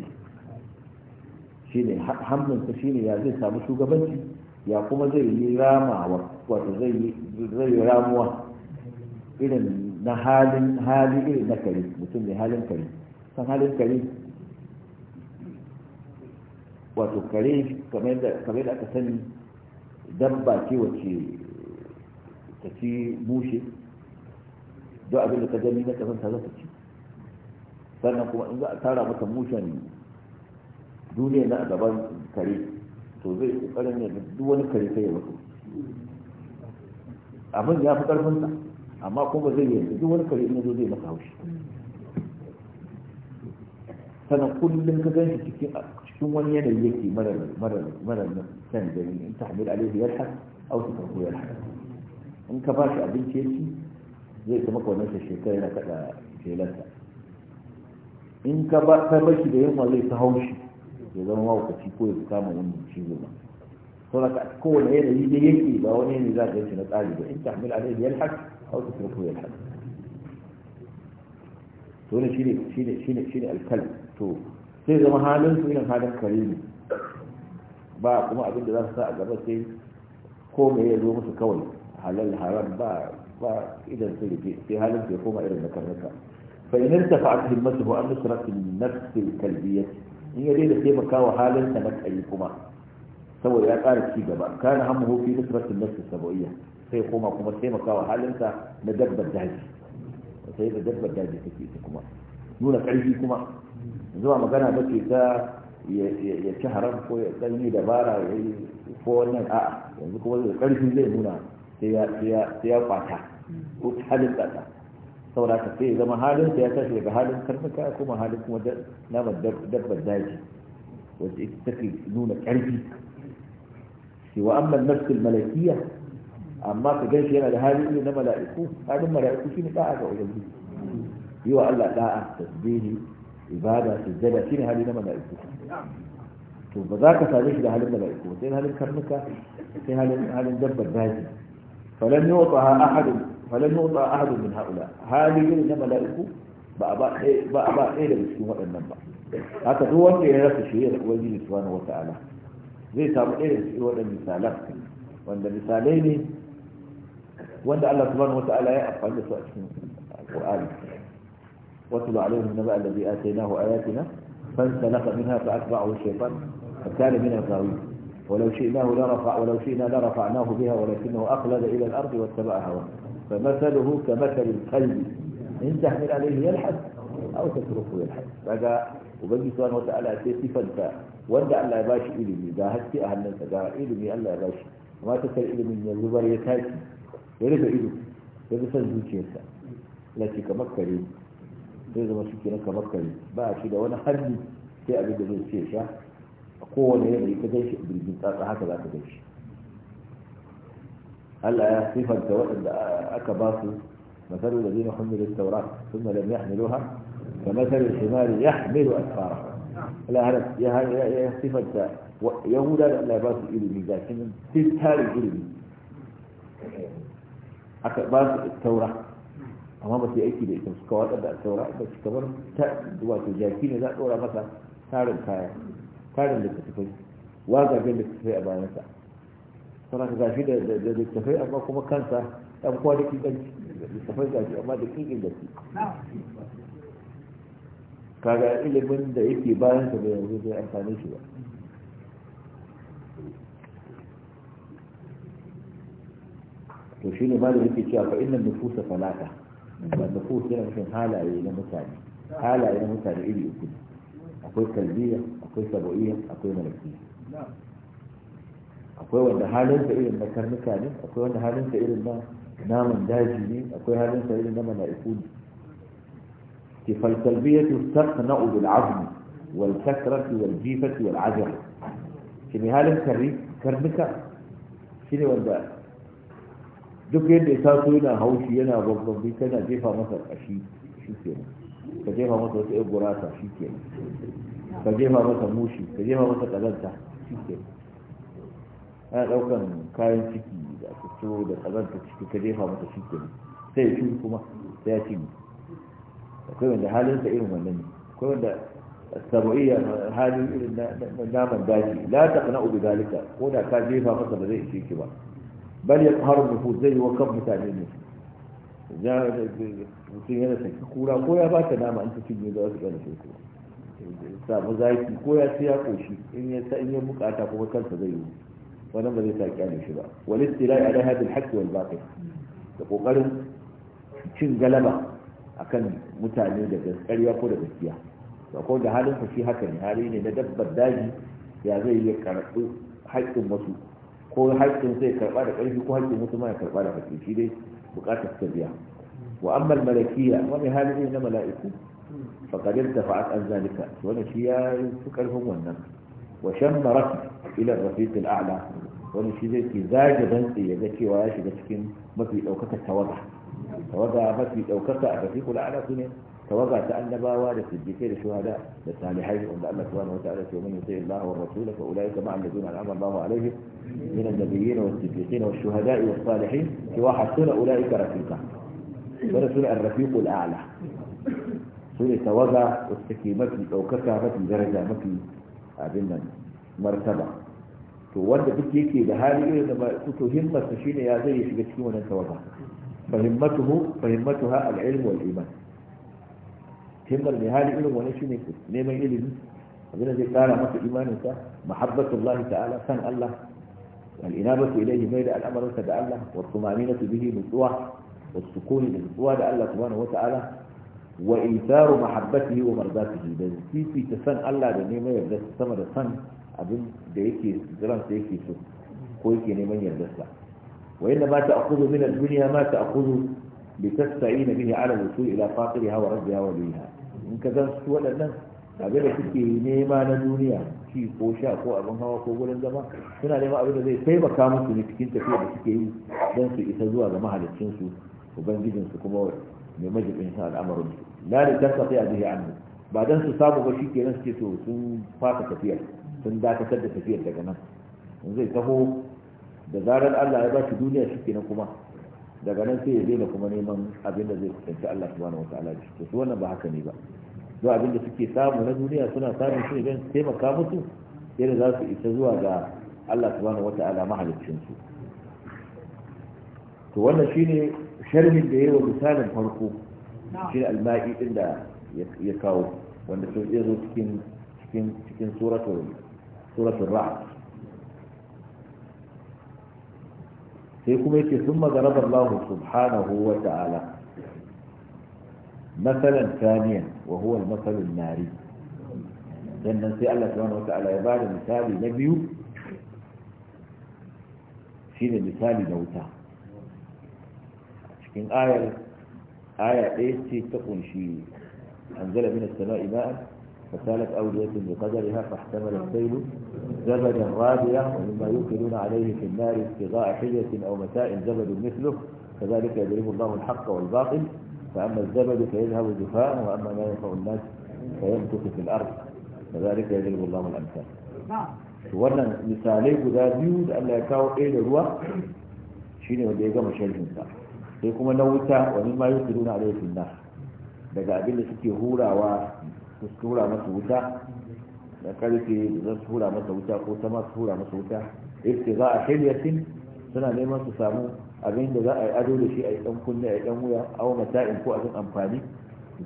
شيني هم تشيني يا زي سامو شو قبلتي يا قوم زي راما وزي زي راموة إلى نهال هالي إلى نكري مثل نهال كري فهال كري wato kare kamar da aka sani dabba ce wacce ta ci bushe duk abin da ka gani na kasanta za ta ci sannan kuma in za a tara mata mushen duniya na a gaban kare to zai kokarin ne duk wani kare sai ya mutu abin ya fi karfin sa amma kuma zai yi duk wani kare ne zo zai maka haushi sannan kullum ka gan shi cikin cikin wani yanayi yake mara mara mara san gani in ta hamil alaihi yalhaq aw tukarku yalhaq in ka ba shi abinci ya ci zai kuma kaunar ta shekara yana kada jelarsa in ka ba ta baki da yamma zai ta haushi ya zama mawukaci ko ya kama wani ciwo ba sau da kowane yanayi da yake ba wani yanayi za ka yi na tsari ba in ta hamil alai da yalhaq au ta turku yalhaq to ne shine shine alkal to sai zama halin su irin halin kare ne ba kuma abin da za su sa a gaba sai ko me ya zo musu kawai halal haram ba ba idan su rike sai halin sai koma irin na karnuka fa in irtafa'at himmatuhu an nusrat an-nafs al-kalbiyyah in ya daina taimakawa halin sa na kai kuma saboda ya ƙara ci gaba kana hammuhu fi nusrat an-nafs al sai koma kuma taimakawa halin sa na dabbar daji sai da dabbar daji take ita kuma nuna karfi kuma zuwa magana ba ke ta ya ci haram ko ya tsanyi dabara ya yi ko wannan a'a yanzu kuma da ƙarfi zai nuna sai ya kwata ko halin tsada saboda ka sai zama halin da ya tashi daga halin karnuka kuma halin kuma namar dabbar daji wacce ita take nuna ƙarfi ke wa amman nafsul malakiya amma ka gan yana da hali ne na mala'iku halin mala'iku shi ne da'a ga ubangiji yi wa Allah da'a tasbihi ibada sujjada shi ne hali na mala'iku to ba za ka same shi da halin mala'iku sai halin karnuka sai halin halin dabbar daji falan yuwa ha ahadun فلن يوطى أحد من هؤلاء هذه من ملائكة بأبا حيلة بسكوة إيه النبا هذا هو في نفس الشيء الوزير سبحانه وتعالى زي سابقين بسكوة المثالة وأن المثالين وأن الله سبحانه وتعالى يأبقى لسوء القرآن وصل عليهم النبى الذي آتيناه آياتنا فانسلخ منها فأتبعه الشيطان فكان من الغاوين ولو شئناه لرفع ولو شئنا لرفعناه بها ولكنه اخلد إلى الأرض واتبع هواه فمثله كمثل القلب إن تحمل عليه يلحس أو تتركه يلحس فقال وبنجي سبحانه وتعالى sai sifanta wanda Allah ya bashi ilimi ga haske a hannunsa ga ilimi Allah ya bashi amma ta kai ilimin ya zubar ya tashi ya rufe ido ya bi son zuciyarsa na kamar kare zai zama shi kenan kamar kare ba shi da wani hannu sai abin da zai ce sha a kowane yanayi ka gan shi a birgin tsatsa haka za ka gan shi هل صفة أكباس مثل الذين حملوا التوراة ثم لم يحملوها فمثل الحمار يحمل أسفارها لا هذا يا صفة يهودا لا باس إلمي لكن تبتال إلمي أكباس التوراة أما بس يأتي بإسم سكوات أبدا التوراة بس كمان تأدوا تجاكين ذات أورا مثلا تارم كاير تارم لك تفل واضع بين لك تفل أبا مثلا suna ka gashi da littafai amma kuma kansa ɗan kowa da littafai gashi amma da ƙin da su kaga ilimin da yake bayan sa bai yanzu zai amfani shi ba to shi ne da yake cewa fa innan nufusa falata ba nufus yana nufin halaye na mutane halaye na mutane iri uku akwai kalbiya akwai saboiya akwai malakiya akwai wanda halinsa irin na karnuka ne akwai wanda halinsa irin na naman daji ne akwai halin halinsa irin na mala'iku ne ke falsalbiyatu tasna'u bil azmi wal kasrati wal jifati wal ajr shi ne halin karri karnuka shi ne wanda duk yadda ya taso yana haushi yana babbabi kana jefa masa kashi shi ke ka jefa masa wata yan gurasa shi ke ka jefa masa mushi ka jefa masa kazanta shi ke ana ɗaukan kayan ciki da aka ciro da ƙazanta ciki ka jefa mata shi ke sai ya cin kuma sai ya cin akwai wanda halin sa irin wannan ne akwai wanda sabo'iyya halin irin naman daji la ta kana ubi dalika ko da ka jefa masa ba zai ishe ki ba bal ya qaharu nufus zai yi wa kan mutane ne mutum yana saki kura ko ya bata nama in ta cinye za su gane sosai kuma samu zaki ko ya ci ya koshi in ya bukata kuma kansa zai yi wannan ba zai sa kyale shi ba wal istilai ala hadal haqq wal batil da kokarin cin galaba akan mutane da gaskiya ko da gaskiya to ko da halin shi haka ne hali ne na dabbar daji ya zai yi karɓi haƙƙin wasu ko haƙƙin zai karɓa da ƙarfi ko haƙƙin wasu ma ya karɓa da ƙarfi shi dai buƙatar ta biya wa amma malakiya wani hali ne na mala'iku fa qadir tafa'at an zalika wannan shi ya yi su ƙarfin wannan wa shammarat ila rafiq al-a'la wani shi zai ke zage dantse ya ga cewa ya shiga cikin mafi daukaka tawaga tawaga mafi daukaka a rafiq al-a'la sune tawaga ta annabawa da siddiqai da shuhada da salihai wanda Allah subhanahu wa ta'ala ya ce mun sai Allah wa rasul fa ulai kama alladuna an'ama Allah alaihim min an-nabiyyin was-siddiqin wash-shuhada'i was-salihin wa hasuna ulai ka rafiqa wa rasul ar-rafiq al-a'la sune tawaga wacce ke mafi daukaka mafi daraja mafi abin nan martaba to wanda duk yake da hali irin da su to himmarsa shine ya zai shiga cikin wannan tawaga fahimmatuhu fahimmatuha al-ilm wal iman himmar ne hali irin wannan ne neman ilimi abin da zai kara masa imaninsa mahabbatullah ta'ala san Allah al-inabatu ilayhi mai da al'amarinsa da Allah wa tumaninatu bihi nutsuwa wa sukuni da nutsuwa da Allah subhanahu wa ta'ala wa isaru mahabbatihi wa marzatihi da fifi ta san Allah da neman yarda sama da san abin da yake jiran sa yake so ko yake neman yarda sa wa inna ma ta'khudhu min ad-dunya ma ta'khudhu bi bihi ala al-wusul ila fatiriha wa rabbiha wa biha in ka zan su waɗannan abin da suke nema na duniya ci ko sha ko abin hawa ko gurin zama suna neman abin da zai taimaka musu ne cikin tafiya da suke yi don su isa zuwa ga mahalicinsu ubangijinsu kuma mai majibin al'amarin su la da sai a bihi annu ba dan su samu ba shike nan suke to sun fasa tafiya sun dakatar da tafiyar daga nan in zai taho da zarar Allah ya ba shi duniya nan kuma daga nan sai ya daina kuma neman abin da zai kusanci Allah subhanahu wataala da shi to wannan ba haka ne ba zuwa abin da suke samu na duniya suna samun shi don taimaka musu yadda za su isa zuwa ga Allah subhanahu wataala mahaliccin su to wannan shine sharhin da yayi wa misalin farko shi alma'i din da ya kawo wanda sun iya zo cikin cikin cikin suratul suratul ra'd sai kuma yake sun magaraba Allah subhanahu wa ta'ala مثلا wa وهو المثل الناري sannan sai Allah subhanahu wa ta'ala ya ba da misali na biyu shi ne misali na wuta cikin ayar آية ɗaya ce شيء أنزل من السماء ماء فسالت أولية بقدرها فاحتمل السيل زبدا رابيا ومما يوكلون عليه في النار ابتغاء حية أو متاء زبد مثله كذلك يضرب الله الحق والباطل فأما الزبد فيذهب جفاء وأما ما ينفع الناس فيمكث في الأرض كذلك يضرب الله الأمثال wannan misalai guda ديود da Allah إيه kawo شيني وديقا ruwa shine wanda sai kuma na wuta wani ma yake nuna da yake na daga abin da suke hurawa su hura masa wuta da karfe da zan su hura masa wuta ko ta masu hura masa wuta yake za a shirya shiryatin suna neman su samu abin da za a yi ado da shi a yi dan kunne a yi dan wuya a wani mata'in ko a abin amfani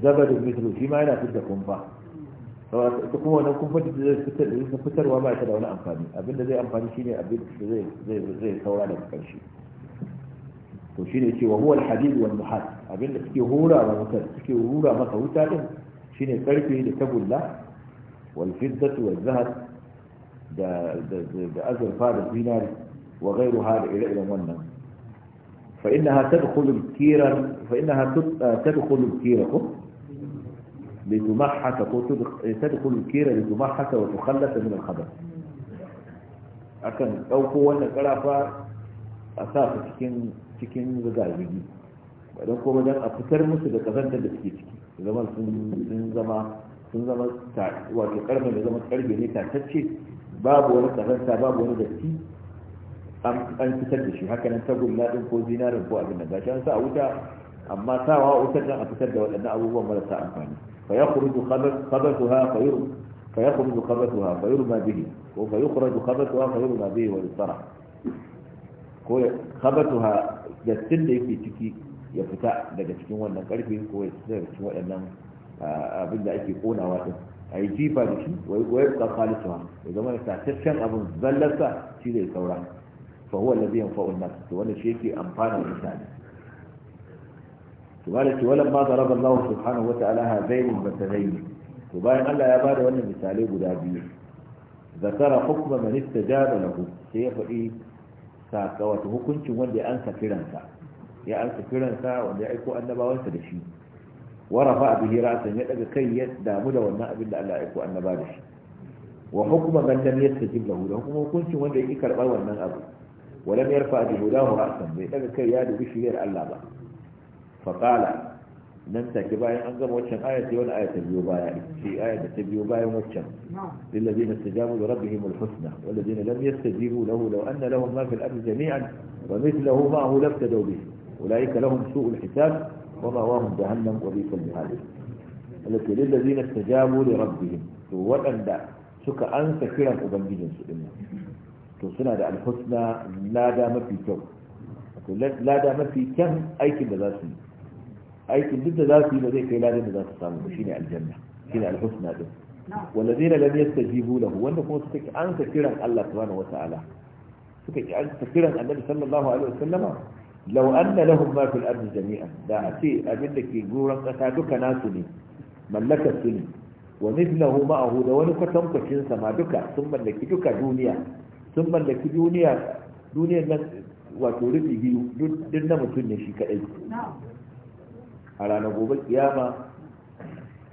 zabarin mitro shi ma yana fitar kumfa ta kuma wani kumfa da zai fitar da fitarwa ba ta da wani amfani abin da zai amfani shine abin da zai zai saura daga karshe to shi ne cewa huwa al-hadid wal muhad abinda suke hura wa wuta suke hura maka wuta din shine karfe da tagulla wal fiddatu wal zahab da da azurfa da zinari wa ghayruha hada ila ila wannan fa innaha tadkhulu al-kira fa innaha ah, tadkhulu al-kira لتمحك تدخل الكيرة لتمحك وتخلص من الخبر akan dauko wannan karafa a sa cikin cikin zigazigi don kuma don a fitar musu da kazantar da suke ciki zama sun zama sun zama wato karfe da zama karfe ne tatacce babu wani kazanta babu wani datti an fitar da shi hakanan tagun ladin ko zinarin ko abin da gashi an sa a wuta amma sawa a wutar nan a fitar da waɗannan abubuwan marasa amfani fa ya kurudu ha fa yuru fa ya kurudu khabatuha fa yuru ma bihi ko fa yukhraju khabatuha fa yuru ma bihi wa yusara ko khabatuha dattin da yake ciki ya fita daga cikin wannan karfe ko ya fita daga cikin waɗannan abin da ake konawa din a yi jifa da shi wai koyar ka kalisuwa ya zama da tataccen abin zallarsa shi zai saura fa huwa allazi yanfa'u an-nas to wannan shi yake amfana da mutane to ba da ce walan ma zaraba Allah subhanahu wata'ala hazaini wa tazaini to bayan Allah ya bada wannan misalai guda biyu zakara hukma man istajaba lahu sai ya faɗi saka wato hukuncin wanda ya ansa kiransa ya ansa kiransa wanda ya aiko annabawansa da shi wa rafa bihira ra'san ya daga kai ya damu da wannan abin da Allah ya aiko annaba da shi wa hukuma man lam yastajib lahu da kuma hukuncin wanda ya ki karbar wannan abu wa lam yarfa bihi ra'san bai daga kai ya dubi shiriyar Allah ba fa qala nan take bayan an gama waccan ayati sai wani aya ta biyo baya ce aya ta biyo bayan waccan lillazina istajabu li rabbihim alhusna wallazina lam yastajibu lahu law anna lahum ma fil ardi jami'an wa mithluhu ma hu laftadu bihi ulaika lahum su'ul hisab wa ma ma'awahum jahannam wa bi'sal mihad allati lillazina istajabu li rabbihim to wadanda suka ansa kiran ubangijin su din to suna da alhusna lada mafi kyau to lada mafi kyan aikin da za su yi aikin duk da za su yi ba zai kai ladan da za su samu ba shine aljanna shine alhusna din wallazina lam yastajibu lahu wanda kuma suka ansa kiran Allah subhanahu wata'ala suka ki ansa kiran Annabi sallallahu alaihi wasallama law anna lahum ma fil ardi da a ce abinda ke goran kasa duka nasu ne mallakar su ne wa mithlahu ma'ahu da wani kwatankwacin sama duka sun mallaki duka duniya sun mallaki duniyar nan wato rufi biyu duk na mutum ne shi kadai a ranar gobe kiyama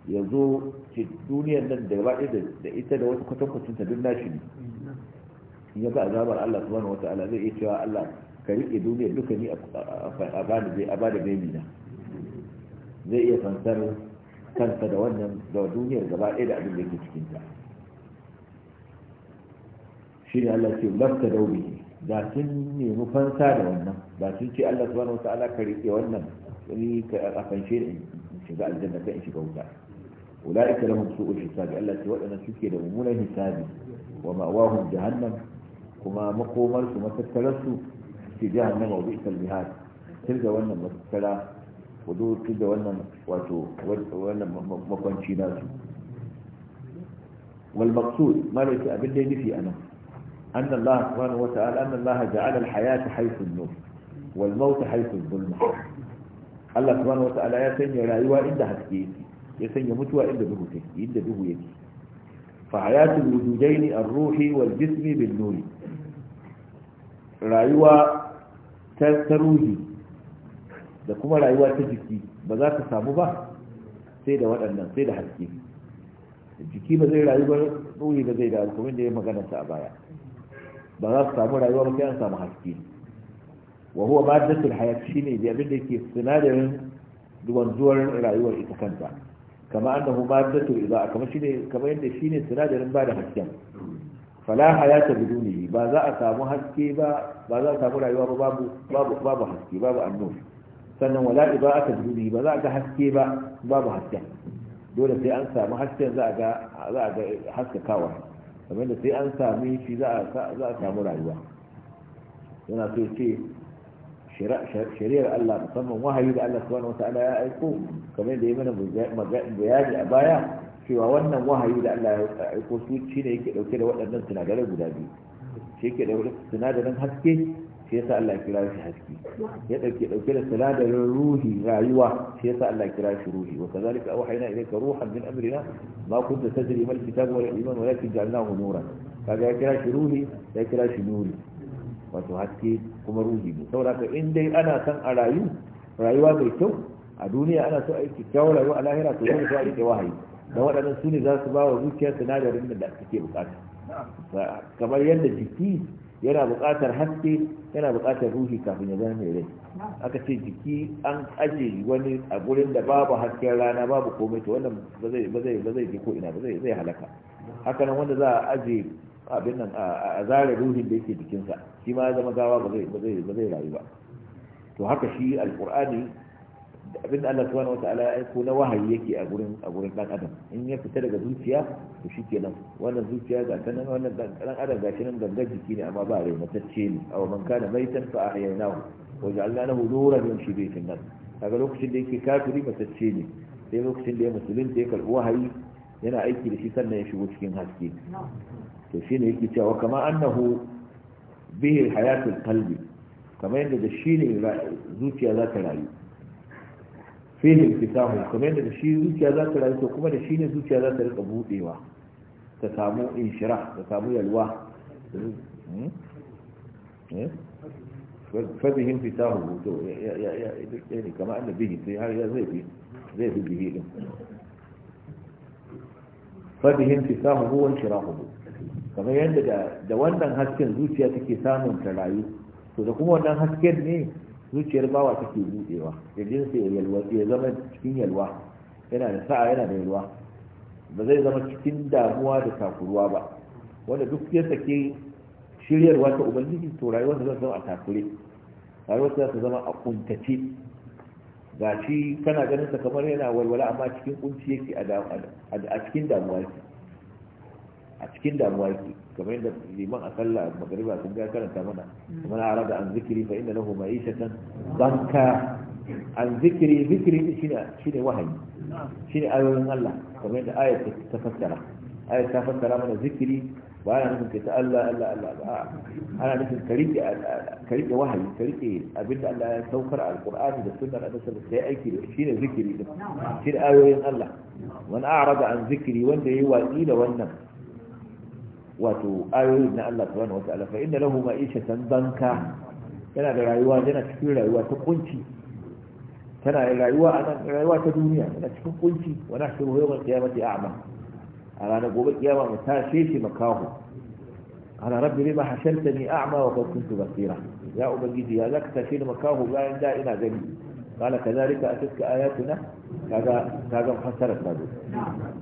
ya zo ce duniyar nan da gaba da ita da wasu kwatankwacin ta duk nashi ne in ya ga azabar Allah subhanahu wataala zai iya cewa Allah ka rike duniyar duka ni a bani a bani bai na zai iya fansar kansa da wannan da duniyar gaba ɗaya da abin da yake cikin ta shi ne Allah ce lafta daubi da sun nemi fansa da wannan da sun ce Allah subhanahu wataala ka rike wannan ni ka a fanshe in shiga aljanna kai in shiga wuta ulaika lahum su'ul hisabi Allah ce waɗannan suke da mummunan hisabi wa ma'awahum jahannam kuma makomar su matattarar su ce jahannama wa bi'sal mihad tun da wannan matattara wato tun wannan wato wannan makwanci nasu wal maqsud malaki abin da yake anan أن الله سبحانه وتعالى أن الله جعل الحياة حيث النور والموت حيث الظلمة Allah subhanahu wata'ala ya sanya rayuwa inda haske yake ya sanya mutuwa inda duhu take inda duhu yake fa hayatul wujudaini ar-ruhi wal jismi bin nur rayuwa ta ruhi da kuma rayuwa ta jiki ba za ta samu ba sai da waɗannan sai da haske jiki ba zai rayu ba ruhi ba zai da alkumin da ya magana ta a baya ba za su samu rayuwa ba sai an samu haske wa huwa maddatul hayat shine da abin da yake sinadarin wanzuwar rayuwar ita kanta kama annahu maddatul idaa kama shine kama yadda shine sinadarin ba da hasken fala hayata bidunihi ba za a samu haske ba ba za a samu rayuwa ba babu babu babu haske babu annur sannan wala ibaata bidunihi ba za a ga haske ba babu hasken dole sai an samu hasken za a ga za a ga haskakawa kamar da sai an sami shi za a za a samu rayuwa yana so ce shari'ar Allah musamman wahayi da Allah subhanahu wata'ala ya aiko kamar da ya mana bayani a baya cewa wannan wahayi da Allah ya aiko su shi ne yake dauke da waɗannan sinadarai guda biyu shi yake dauke sinadarin haske shi yasa Allah ya kira shi haske ya dauke dauke da sinadarin ruhi rayuwa shi yasa Allah ya kira shi ruhi wa kazalika awhayna ilayka ruhan min amrina ma kunta tadri mal kitab wal iman walakin ja'alnahu nuran kaga ya kira shi ruhi ya kira shi nuri wato haske kuma ruhi ne saboda ka in dai ana san a rayu rayuwa mai kyau a duniya ana so a yi kyakkyawar rayuwa a lahira to dole sai a rike wahayi don waɗannan su za su ba wa zuciya sinadarin da suke bukata kamar yadda jiki yana buƙatar haske yana buƙatar ruhi kafin ya zama mai rai aka ce jiki an aje wani a gurin da babu hasken rana babu komai to wannan ba zai ba zai ko ina ba zai zai halaka haka wanda za a aje abin nan a zare ruhin da yake jikinsa shi ma ya zama gawa ba zai rayu ba to haka shi alkur'ani abin da Allah subhanahu wata'ala ya aiko na wahayi yake a gurin a gurin dan adam in ya fita daga zuciya to shikenan wannan zuciya ga ta nan wannan dan adam ga shi nan gangar jiki ne amma ba rai matacce ne aw man kana maitan fa ahyaynahu wa ja'alna lahu nuran yamshi bihi fi an-nas kaga lokacin da yake kafiri matacce ne sai lokacin da ya musulun ta ya karbi wahayi yana aiki da shi sannan ya shigo cikin haske to shi ne yake cewa kama annahu bihi hayatul qalbi kama yadda da shi ne zuciya za ta rayu fihi kitabu kama yadda da shi zuciya za ta rayu to kuma da shi ne zuciya za ta rika budewa ta samu inshira ta samu yalwa فبه انفتاحه ya أن به zai زي به fadihin fi samu huwan shirahu kamar yadda da wannan hasken zuciya take samun ta rayu to da kuma wannan hasken ne zuciyar bawa take buɗewa kirjin sai yalwa ya zama cikin yalwa yana da sa'a yana da yalwa ba zai zama cikin damuwa da takuruwa ba wanda duk ya sake shiryarwa ta ubangiji to rayuwarsa zai zama a takure rayuwarsa za zama a kuntace ga shi kana ganin sa kamar yana walwala amma cikin kunci yake a cikin damuwa yake a cikin damuwa yake kamar yadda liman a sallah magariba sun ga karanta mana hmm. kuma na arada an zikiri fa inda lahu ma'ishatan banka an zikiri zikiri shine shine wahayi hmm. shine ayoyin Allah kamar yadda ayat ta fassara ayat ta fassara mana zikiri ba ya nufin kai ta Allah Allah Allah ba ana nufin ka riƙe ka rike wahayi ka rike abinda Allah ya saukar alqur'ani da sunnar annabi sallallahu alaihi aiki da shi ne zikiri da shi ayoyin Allah wani a'rada an zikiri wanda yayi watsi da wannan wato ayoyin na Allah subhanahu wataala fa inna lahu ma'ishatan banka yana da rayuwa yana cikin rayuwa ta kunci tana rayuwa a rayuwa ta duniya yana cikin kunci wa nahshuruhu yawmal qiyamati a'ma على أن أقول يا ما تاشيتي مكاه أنا ربي لما حشرتني أعمى وقد كنت بصيرا يا أبنجيدي يا لك تاشيني مكاه لا عند إنا ذنب قال كذلك أتتك آياتنا كذا كذا مفسرة هذا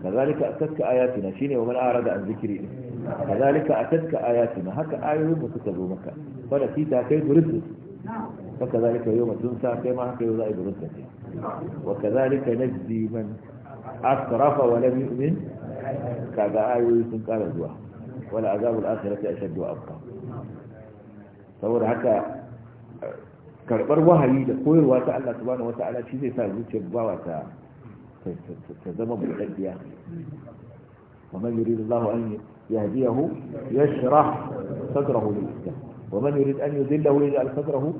كذلك أتتك آياتنا شيني ومن أعرض عن ذكري كذلك أتتك آياتنا هكا آية متكبر مكة فنسيتها كيف رد فكذلك يوم تنسى كما هكا يضائب رد وكذلك نجزي من أسرف ولم يؤمن كعب آيوي سنقال الدواء ولا عذاب الآخرة أشد وأبقى صور حكا كربروها يجي قوير واتا الله سبحانه وتعالى شيء سال يتشبوا واتا تزمم الحدية ومن يريد الله أن يهديه يشرح صدره للإسلام ومن يريد أن يذله ويجعل صدره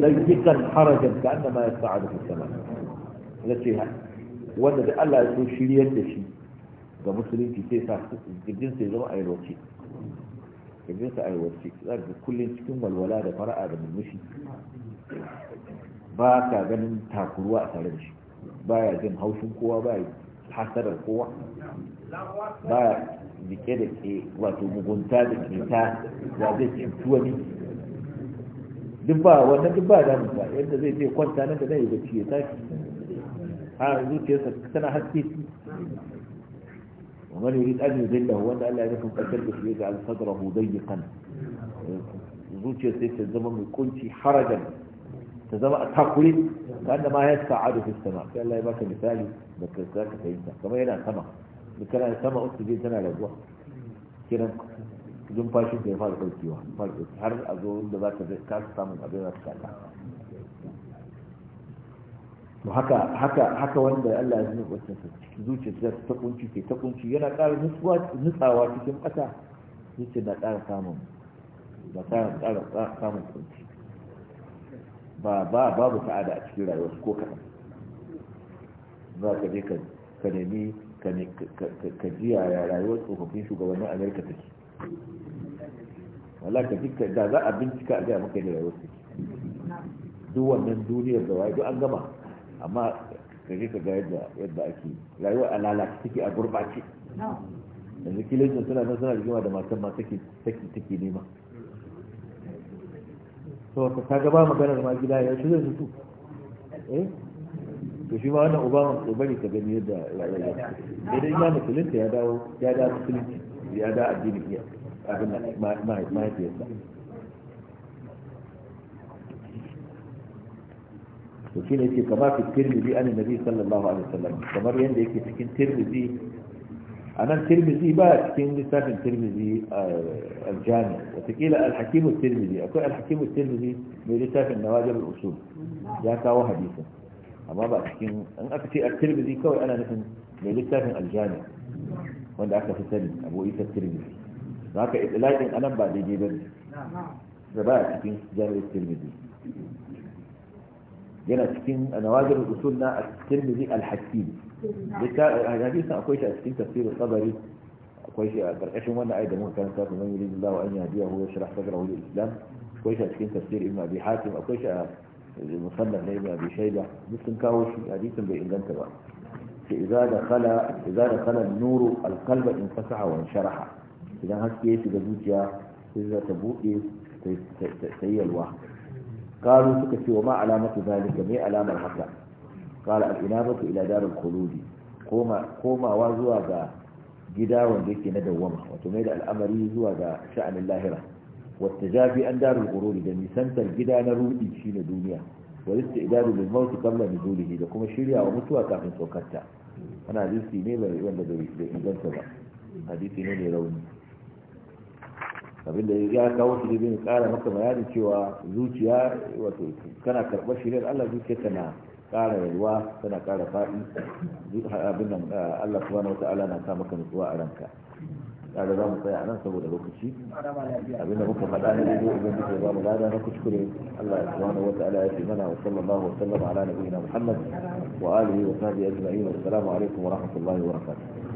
ليتكا حرجا كأنما يصعد في السماء التي هي ولد الله يقول شريان دشي ga musulunci sai sa kirjin sai zama aiwace kirjin sa aiwace za ka kullum cikin walwala da fara'a da murmushi ba ka ganin takuruwa a tare da shi baya jin haushin kowa baya hasarar kowa baya jike da ke wato mugunta da keta ya zai cutu wani duk ba wannan duk ba damu ba yadda zai je kwanta nan da zai yi bacci ya tashi har zuciyarsa tana haske ومن يريد أن يذله وأن ألا يكون قد تلبس يجعل صدره ضيقا زوجي سيف الزمن يكون كنت حرجا تزمع تاكلين لأن ما يسعد في السماء قال الله يباك مثالي بكرساك فإنسا كما هنا سماء بكرا سماء أكتبين سنة لجوة كنا numfashin da ya fara ɗaukewa har a zo da za ta kasa samun abin da ta kasa to haka haka haka wanda Allah ya zuba wata zuciya ta kunci ke ta kunci yana ƙara nutsuwa nutsawa cikin ƙasa zuciya na ƙara samun ba ƙara ƙara samun kunci ba ba babu sa'ada a cikin rayuwar ko kaɗan za ka je ka nemi ka ji a rayuwar tsofaffin shugabannin amerika take wala ka ji da za a bincika a gaya maka da rayuwar take duk wannan duniyar da duk an gama amma ka je ka ga yadda yadda ake rayuwa a lalace take a gurbace yanzu kilishin suna nan suna rigima da matan ma take take nema to ka kaga ba magana ma gida ya shi zai su eh to shi ma wannan uba ko bari ka gani yadda rayuwa ya dai ya kilinta ya dawo ya da musulunci ya da addini iya abin mahaifiyarsa to shine yake kama fi tirmidhi an nabi sallallahu alaihi wasallam kamar yanda yake cikin tirmidhi anan tirmidhi ba cikin littafin tirmidhi aljami watakila alhakim tirmidhi akwai alhakim tirmidhi mai littafin nawajib al-usul ya kawo hadisin amma ba cikin an aka ce at-tirmidhi kawai ana nufin mai littafin aljami wanda aka fi sani abu isa tirmidhi haka idlaqin anan ba daidai bane da ba cikin jami'ar tirmidhi yana cikin nawazir usul na at-tirmidhi al-hakim hadisin akwai shi a cikin tafsirin sabari akwai shi a karkashin wannan ayat da muka karanta ta man yuridu Allah an yahdiyahu wa yashrah sadrahu lil islam akwai shi a cikin tafsir ibn abi hatim akwai shi a musannaf na ibn abi shayba duk sun kawo shi hadisin bai inganta ba إذا دخل إذا دخل النور القلب انفتح وانشرح إذا هسكي في جزوجيا إذا تبوئي تيلوه قالوا سكتي وما علامة ذلك ما علامة الحكا قال الإنابة إلى دار الخلود كوما كوما وزوا ذا جدا وندك ندوما وتميل الأمر زوا ذا شأن اللاهرة والتجافي أن دار الغرور دمي سنت الجدا نرودي شين الدنيا والاستعداد للموت قبل نزوله لكم الشريعة ومتوى كافٍ سوكتا أنا حديثي نيبا يولد بإنجان سبا حديثي نيبا يروني abin da ya kawo shi bin kara maka bayani cewa zuciya wato kana karɓar shirya Allah zuciya kana kara yalwa tana kara faɗi abin da eh, Allah subhanahu wata'ala na sa maka nutsuwa a ranka kada za mu tsaya a nan saboda lokaci abinda muka faɗa ne ido idan muke ba mu lada na kuskure Allah subhanahu wata'ala ya fi mana wa sallallahu wa sallama ala nabiyina Muhammad wa alihi wa sahbihi ajma'in wa assalamu alaikum wa rahmatullahi wa barakatuh